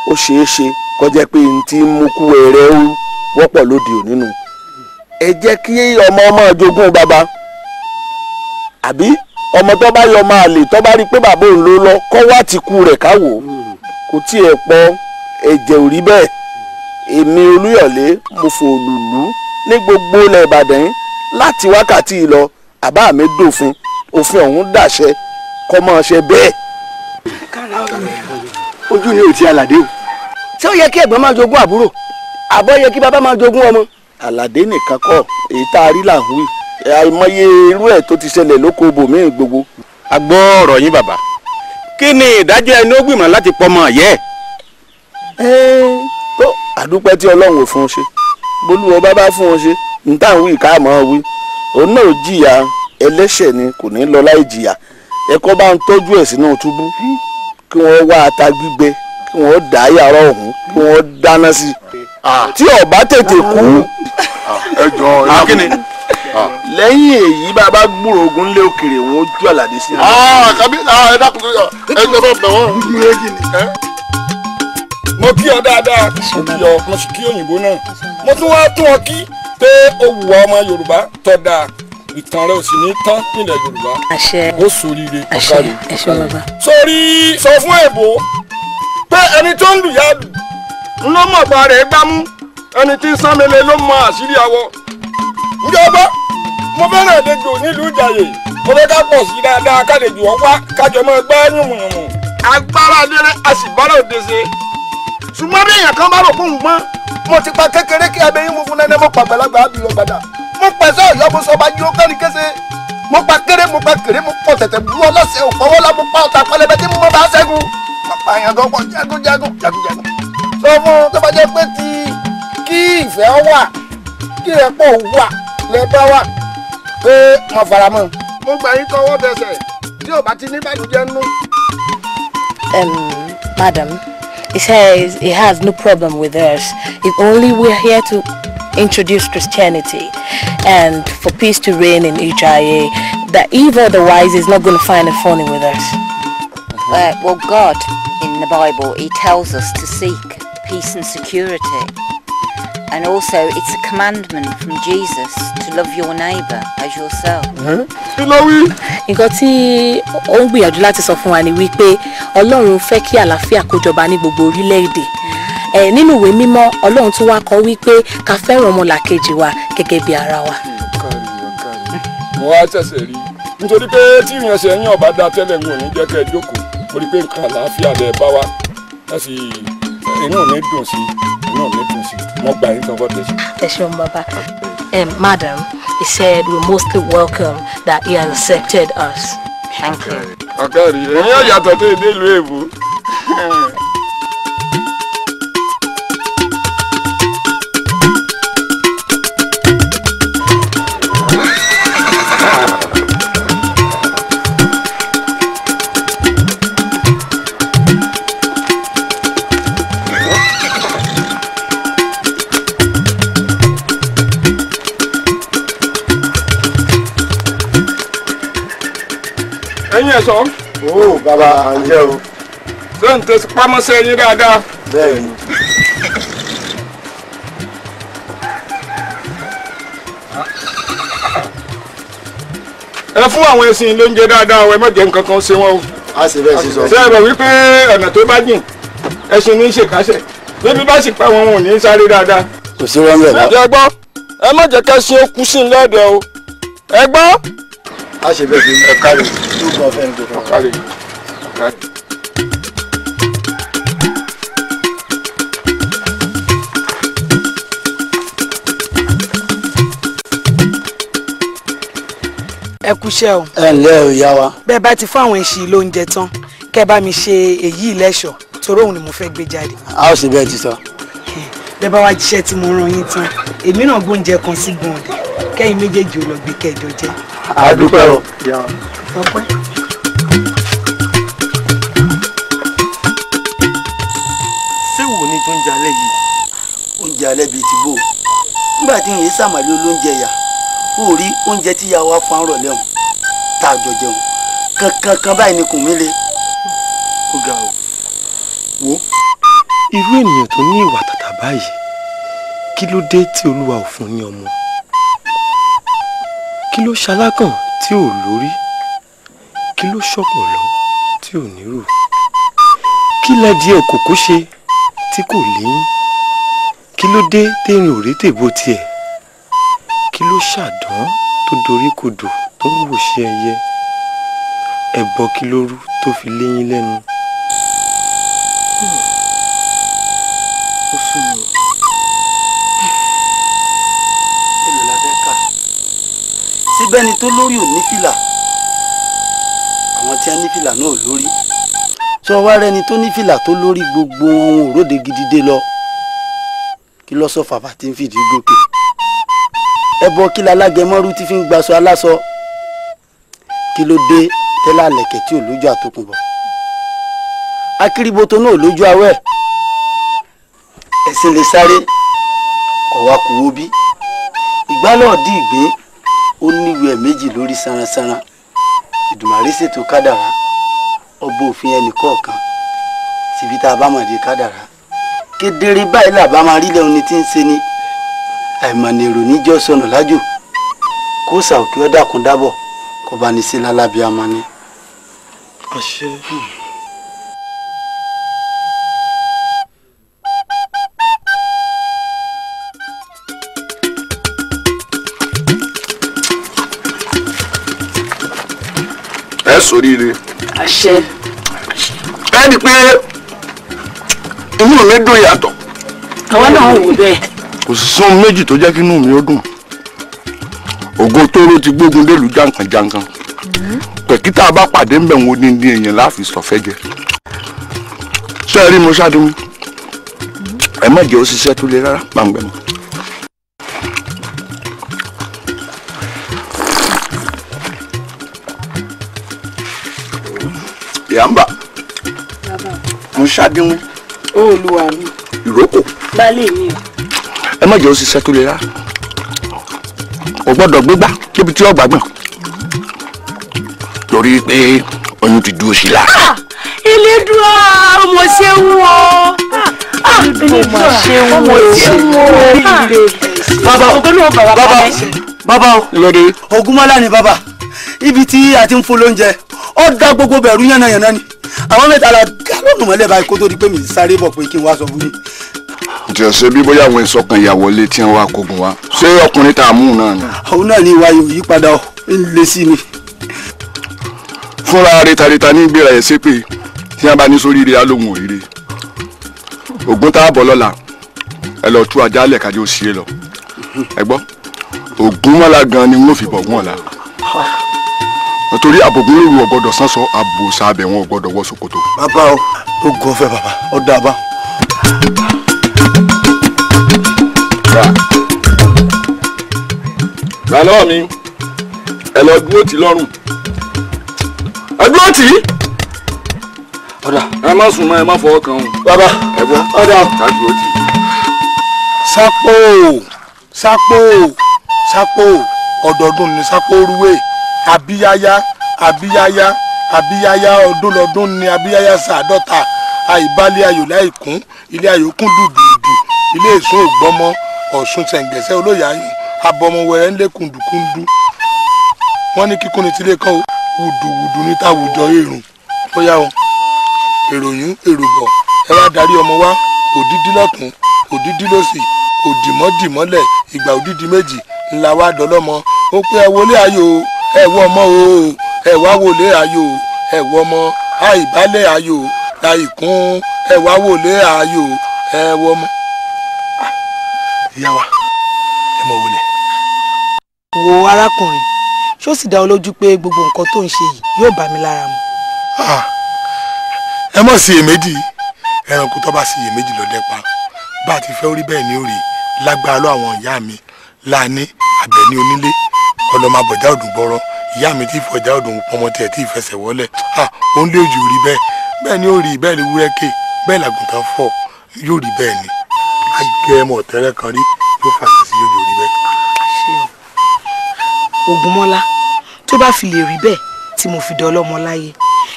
ó ṣeé ṣe kó jẹ́ pé n ti mú kú ẹrẹ ó wọ́pọ̀ lóde òní nu ẹ jẹ́ kí ọmọ ọmọ jogún bàbá àbí ọmọ tó bá yọ máa lè tó bá rí i pé bàbá òun ló lọ kọ́ wá ti kú rẹ̀ káwò kò tiẹ̀ pọ̀ ẹ̀jẹ̀ ò rí bẹ́ẹ̀ èmi olúyọ̀lé mo fòlùlù ní gbogbo ilẹ̀ ìbàdàn láti wákàtí ìlọ àbá mi dòfin òfin ọ̀hún dàṣẹ kọ́ mọ́ ṣe bẹ́ẹ̀ ojú ni ò ti aládé o. ṣé ó yẹ kí ẹ̀gbọ́n máa jogún àbúrò àbọ̀ yẹ kí bàbá máa jogún ọmọ. aládé nìkan kọ́ èyí tá a rí là ń wí àìmọye irú ẹ̀ tó ti ṣẹlẹ̀ lóko bòmíì gbogbo. a gbọ́ ọ̀rọ̀ yín bàbá kí ni ìdájọ́ ẹni ó gbìmọ̀ láti pọmọ yẹ. tó àdúpẹ́ tí ọlọ́run ò fún un ṣe bolúwọ bá bá fún un ṣe ní táwọn ìka àmọ́ wí òun náà jìyà ẹlẹ́ṣẹ̀ ni kò ní lọ láì jìyà ẹ̀kọ́ bá ń tọ́jú ẹ̀ sínú túbú kí wọ́n wá ata gbígbẹ kí wọ́n dà á yàrá ọ̀hún kí wọ́n dáná sí i ah. tí ọba tètè kú. Ah. Ah. ẹ jọ ẹ kíni lẹ́yìn èyí bàbá gbúrò ogun lé òkèrè wọn ó ju àlàdé sí i. kábí ẹ dákun ẹ jọ bọ bẹ̀wọ̀n. mo kí ọ dáadáa mo kí ọ mo sì kí òyìnbó náà mo tún wá tún ọ kí pé ó wù ọmọ Yorùbá tó dáa ìtàn rẹ ò sì ní tán nílẹ̀ yorùbá ó soríire ọ̀kadì sórí sọ fún èbó pé ẹni tó ń lù yá lù ló mọ̀ pa rẹ̀ gbámú ẹni tí ń sánmele ló mọ àṣírí awọ njọba mo fẹ́ràn àlejò nílùú ìjàyè mo fẹ́ ká pọ̀ sí dáadáa kálejò ọ̀ wá kájọ máa gbá yùmùyùmù. agbára adéré a sì bára òde ṣe ṣùgbọ́n bí èèyàn kan bá rò fún un gbọ́n mo ti pa kékeré kí abẹ́yìn funfun nẹ́nẹ́ mo pàgbàlagbà á bì lọ gbàdà mo pẹ̀sẹ̀ ọ̀yọ́ mo sọ ma jí ó kẹ́rin kése mo pa kéré mo pa kéré mo pọ̀ tẹ̀tẹ̀ bú ọlọ́sẹ̀ òpọ̀wọ́ la mo pa ọ̀tà pẹlẹbẹ tí mo bá ṣẹ́gun pàpà yẹn gan pọ̀ jagun jagun jagun jagun sọ pé ti kí ìfẹ́ wà kí ẹ̀pọ̀ wà lẹ́bẹ̀ wà pé mo fara mọ́. mo gbà yín tọwọ́ bẹsẹ̀ tí ò bá ti ní bàjẹ́ nú. madam he says he has no problem with us if only we are here to introduce Christianity and for peace to reign in HIA, that evil wise is not going to find a phony with us. Uh, well, God in the Bible, He tells us to seek peace and security. And also, it's a commandment from Jesus to love your neighbour as yourself. Hmm? Kí ló nínú ìwé mímọ́ ọlọ́run tún wá kọ wípé ká fẹ́ràn ọmọlàkejì wa gẹ́gẹ́ bí ara wa. mo wá ṣẹ̀ṣẹ̀ rí nítorí pé tí ìrìnàṣẹ́ yín ọ̀bá dá tẹ́lẹ̀ ń wò jẹ́ kẹ́ ẹ jókòó torí pé nǹkan àlàáfíà lẹ bá wa ẹ sì inú mi dùn sí inú mi dùn sí mo gbà yín tọwọ́ tẹ̀sí. ẹ ṣeun bàbá madam he said we mostly welcome that he has accepted us. thank you. ọ̀gá rí ẹ̀yin ọ̀yàtọ̀ tó ìdílé ìlú èbó. bàbá à ń jẹ́ o. lóun tó pamọ́ sí ẹyin dáadáa. bẹ́ẹ̀ ni. ẹ fún àwọn ẹṣin lóúnjẹ dáadáa ẹ má jẹ nǹkan kan ṣe wọn o. a sì bẹ́ẹ̀ sísọ. ṣé ẹ bẹ̀ wípé ọ̀nà tó bá jìn ẹṣin ní í ṣèkásẹ̀ bébí bá sì pa wọn wọn ò ní í sáré dáadáa. kò sí wọn bẹ̀ náà. ẹ gbọ́ ẹ má jẹ́ kẹ́sìn ó kú sí lọ́dọ̀ o ẹ gbọ́. a ṣe bẹ́ẹ̀ sí ẹ̀ka rẹ̀ ló gbọ́ fẹ́ẹ́ ní gbogbo káàdì. ẹ kúṣẹ́ o. ẹ ǹlẹ́ o yá wa. bẹ́ẹ̀ bá ti fún àwọn ẹṣin lóúnjẹ tán kẹ́ ẹ bá mi ṣe èyí lẹ́ṣọ̀ torí òun ni mo fẹ́ gbé jáde. a ó sì bẹ́ẹ̀ ti sọ. bẹ́ẹ̀ bá wá jíṣẹ́ tí mo rán yín tán èmi náà gbóúnjẹ kan sí gbọ̀ndẹ̀ kẹ́yìn méjèèjì ò lọ gbé kẹjọ jẹ. a dúpẹ́ o. ọpẹ́. oúnjẹ alẹ́ yìí oúnjẹ alẹ́ bíi ti bò nígbà tí yìí sàmàlí olóúnjẹ yà ó rí oúnjẹ tí yàwá fún àárọ̀ lẹ́hùn tá a jọ jẹun kankan kan báyìí ni kùn mí le. ó ga o wo irú ènìyàn tó ní ìwà tàtà báyìí kí ló dé tí olúwa ò fún ní ọmọ kí ló ṣalákàn tí ò lórí kí ló ṣọ̀pọ̀lọ́ tí ò nírò kí lẹ́dí òkòkò ṣe tí kò léyìn kí ló dé téèyàn ò rí tèbó tiẹ̀ kí ló ṣàdán tó dorí kodò tó ń wòṣẹ́ ẹyẹ ẹ̀bọ kí ló rú tó fi léyìn lẹ́nu. síbẹ̀ ni tó lórí ò ní fìlà àwọn tí a ní fìlà náà lórí tó wá rẹni tó ní fìlà tó lórí gbogbo ohun òróde gidide lọ kí lọ sọ fàfà tí ń fìdí gòkè ẹbọ kí lalágẹmọrú ti fi ń gbaṣọ aláṣọ kí ló dé tẹ́lá lẹ̀kẹ̀ tí ò lójú àtòkùnbọ̀ akíríboto náà lójú awẹ́ ẹ̀sìn lè sáré kọ̀wá kú wo bí ìgbálọ̀ dì ìgbé ó níwèé méjì lórí sanransanran ìdùmàrè ṣètò kádàrá ọba òfin ẹnì kọ̀ọ̀kan síbi tá a bá mọ̀ dé kádàrá kedere báyìí làbá máa rí lẹ́hun ni tí ń ṣe ni àìmọ̀nà èrò níjọ́ sọnù lájò kó sàókè ọ́ dàkún dábọ̀ kó bá ní sí lálábíàmọ́ ni. àṣẹ. Hmm. ẹ ṣoríire. àṣẹ. ẹ rí i pé inú mi dùn yàtọ̀. àwa náà wò bẹ́ẹ̀. kò sí sóhun méjì tó jẹ́ kí inú mi ó dùn ògo tóró ti gbógun dèlú jankan-jankan pẹ̀kítà bá pàdé ń bẹ̀ ń wo ní ní èèyàn láàfin sọ̀fẹ́ jẹ ṣé ẹ rí mo ṣáàdùn mi ẹ má jẹ́ ó ṣiṣẹ́ tó le rárá gbàngbẹ́ mi. yàmbá mo ṣàdínwó. ó olúwa mi. ìrókò. balẹ̀ mi. ẹ má jẹ́ ó ṣiṣẹ́ tó lè rá o gbọ́dọ̀ gbégbá débi tí ọgbà gbọ̀n torí pé oyún ti dúró sí la. Ah! elédùá ọmọ ṣéwú ah! ah! o ọmọ ṣéwú o bàbá bàbá bàbá o lóde. ogunmọ́lá ni bàbá ibi tí a ti ń fún lóúnjẹ ó dá gbogbo bẹ̀rù yánnayànna ni àwọn mẹ́ta la dá lọ́nà mọ́lẹ̀ báyìí kó tó di pé mi sáré bọ̀ pé kí n wá sọ fún yín. ǹjẹ́ ṣe bí bóyá àwọn ìsọ̀kan ìyàwó ilé tí wọ́n wá kógun wa ṣé ọkùnrin tá a mú náà ni. òun náà ni ìwà yóò yí padà ń le sí mi. fúnra retareta ní ìgbéra ẹ̀ ṣépè tí wọ́n bá ní sórí ire alóhùn òrìrè ògùn tá a bọ̀ lọ́la ẹ lọ tú ajá kájọ́ sí ẹ lọ ẹ gbọ́ ògùn mọ́lá gan ni wọ́n fi bọ̀ wọ́n la torí àbògún lóru ọ̀gbọ́dọ̀ sánsọ àbòsà abẹ wọn ọ̀gbọ́dọ̀ wọ ṣòkòtò. bàbá o ó gọ fẹ bàbá ó dábàá. gbà lọ́wọ́ mi ẹ lọ dúró tì lọ́rùn ẹ dúró tì í ọ̀dà ẹ má sùn mọ́ ẹ má fọwọ́ kan o. bàbá ẹ bọ́ ọ̀dà ká dúró tì í. sápò sápò sápò ọdọọdún ni sápò rúwèé abíyáyá abíyáyá abíyáyá ọdún lọ́dún ni abíyáyá sàádọ́ta àìbálẹ̀ ayò láìkún ilé ayò kún dùdùdù ilé ìsún ògbọ́mọ ọ̀ṣun tẹ̀ǹgẹ̀sẹ̀ olóyàáyùn abọmọ wẹ̀rẹ̀ ńlẹ̀ kùndùkùndù wọ́n ní kíkún ní tilé kan wùdùwùdù níta wùjọ èrùn bóyá o èròyún èròbọ̀ ẹ wá darí ọmọ wa òdídí lọ́tún òdídí lọ́sì òdìmọ́dìmọ́lẹ̀ ìgbà òdídí méjì ńlá wa dọ́lọ́mọ ó pé ẹ wọlé ayò o ẹ wọ ọmọ o ẹ wá wọlé ayò ẹ wọ ọmọ àìbálẹ̀ ayò àìkún ẹ wá wọlé ayò ẹ wọ ọmọ. ìyá wa ẹ mọ wọlé. wo arákùnrin ṣé ó sì dá ọ lójú pé gbogbo nǹkan tó ń ṣe yìí yóò bá mi lára mu. Ah, ẹ mọ̀ sí èméjì ẹranko tó bá sì èméjì lọ́dẹ pa bá a ti fẹ́ orí bẹ́ẹ̀ ni ó rí lágbára lọ àwọn ìyá mi láàánú àbẹ̀ní onílé ọlọmọ abọjá òdùn gbọrọ ìyá mi tí ìfọjá òdùn pọmọ tiẹ tí ìfẹsẹ̀ Ha, à òun lé òjò rí bẹ́ẹ̀ bẹ́ẹ̀ ni ó rí bẹ́ẹ̀ ni wúrẹkè bẹ́ẹ̀ làgùntàn fọ yóò rí bẹ́ẹ̀ ni agẹmọ tẹrẹ kan rí yóò fàṣẹ sí òjò rí bẹ́ẹ̀. Ògúnmọ́lá tó bá fi lè rí bẹ́ẹ̀ tí mo fi dọlọ́mọ láyé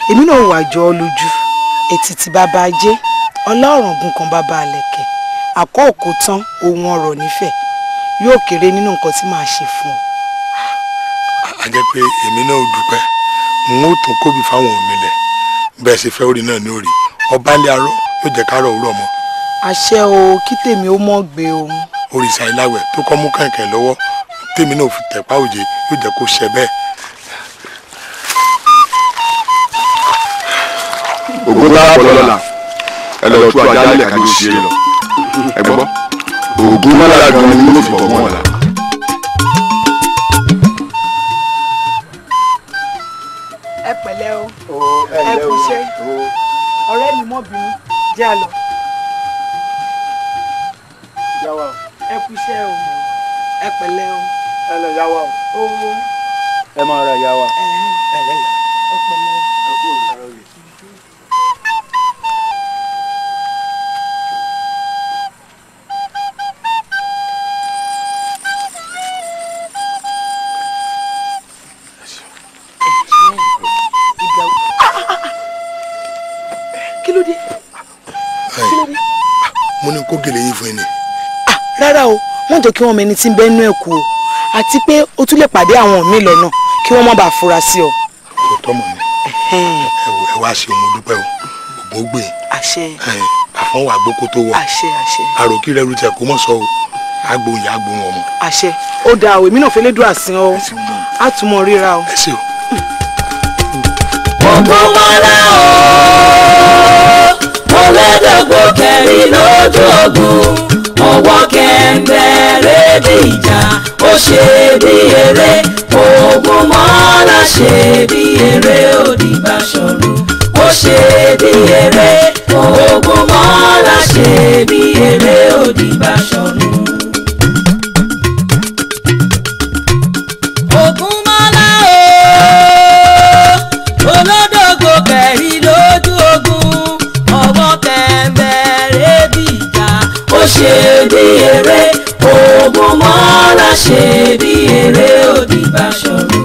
èmi náà wà jọ ọ lójú ètìtì bàbá ajé ọlọ́run ògùn kan bàbá àlẹ̀kẹ̀ àkọ́ òkú tán ohun ọ̀rọ̀ nífẹ̀ẹ́ yóò kéré nínú nǹkan tí màá ṣe fún ọ a jẹ́ pé èmi náà ò dúpẹ́ n ó tún kóbi fáwọn òmí lẹ̀ bẹ́ẹ̀ sì fẹ́ orí náà ní orí ọba ilé arọ yóò jẹ́ ká rọ òwúrọ̀ mọ́. àṣẹ o kí tèmi ó mọ̀ gbé o. òrìṣà ìlàwẹ̀ tó kọ́ mú kẹ̀kẹ́ lọ́wọ́ tèmi náà fi tẹ̀pá òjé yóò jẹ́ kó ṣẹ bẹ́ẹ̀. ògùn lápọ̀lọ́lá ẹ lọ tú ajá lẹ̀ ká ló é lọ ẹ gbọ́ ògùn mọ́lá gan-an ni mo fi bọ̀ lẹ́ o ẹ kú iṣẹ́ ọ̀rẹ́ mi mọ́ bínú jẹ́ àlọ́ ẹ kú iṣẹ́ o ẹ pẹ̀lẹ́ o ẹ lọ yá o ẹ máa ra yá wa ẹ lẹ́yìn. kó gèlè yín fún ẹni. Ah, rárá o wọn jẹ́ kí wọ́n mẹni tí ń bẹ nú ẹ̀ kú o àti pé o tún lè pàdé àwọn míì lọ́nà kí wọ́n má bàa fura sí ọ. kò tọ́mọ̀ mi ẹ wá ṣe òun dúpẹ́ o ògbógbè àfọ̀n wà gbókó tó wọ̀ àròkí rẹ̀ lu tẹ̀ kó mọ̀ sọ o agbóyè agbóhùn ọmọ. àṣẹ ó dáa o èmi náà fẹlẹ dùn àsìn o á tún mọ ríra o. ẹ ṣe o. gbogbo wọn rà o ẹ̀ẹ́dẹ́gbò kẹrin lójú ogun ọwọ́ kẹ̀ǹbẹ̀ rédí ìjà ó ṣe bí eré ogun mọ́lá ṣe bí eré Òdìbàṣọ̀run ó ṣe bí eré ogun mọ́lá ṣe bí eré. ṣe bí eré òbí bá ṣọ̀rọ̀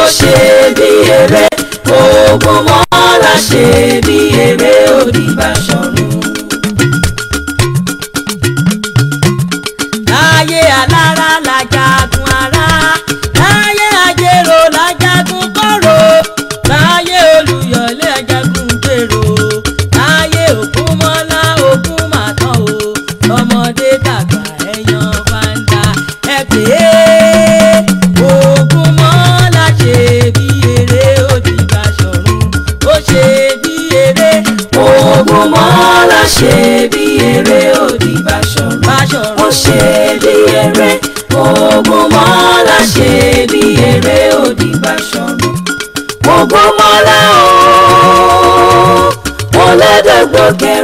ó ṣe bí eré ògùn mọ́ra ṣe bí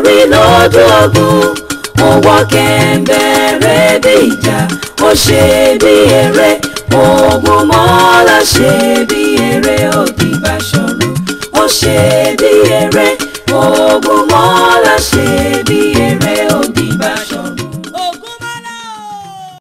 mi lọ́dún ọ̀gùn mo wọ kẹ̀ǹbẹ̀rẹ̀ bí ìjà mo ṣe bí eré ogun mọ́lá ṣe bí eré òbí bá ṣọ̀rọ̀ mo ṣe bí eré ogun mọ́lá ṣe bí eré.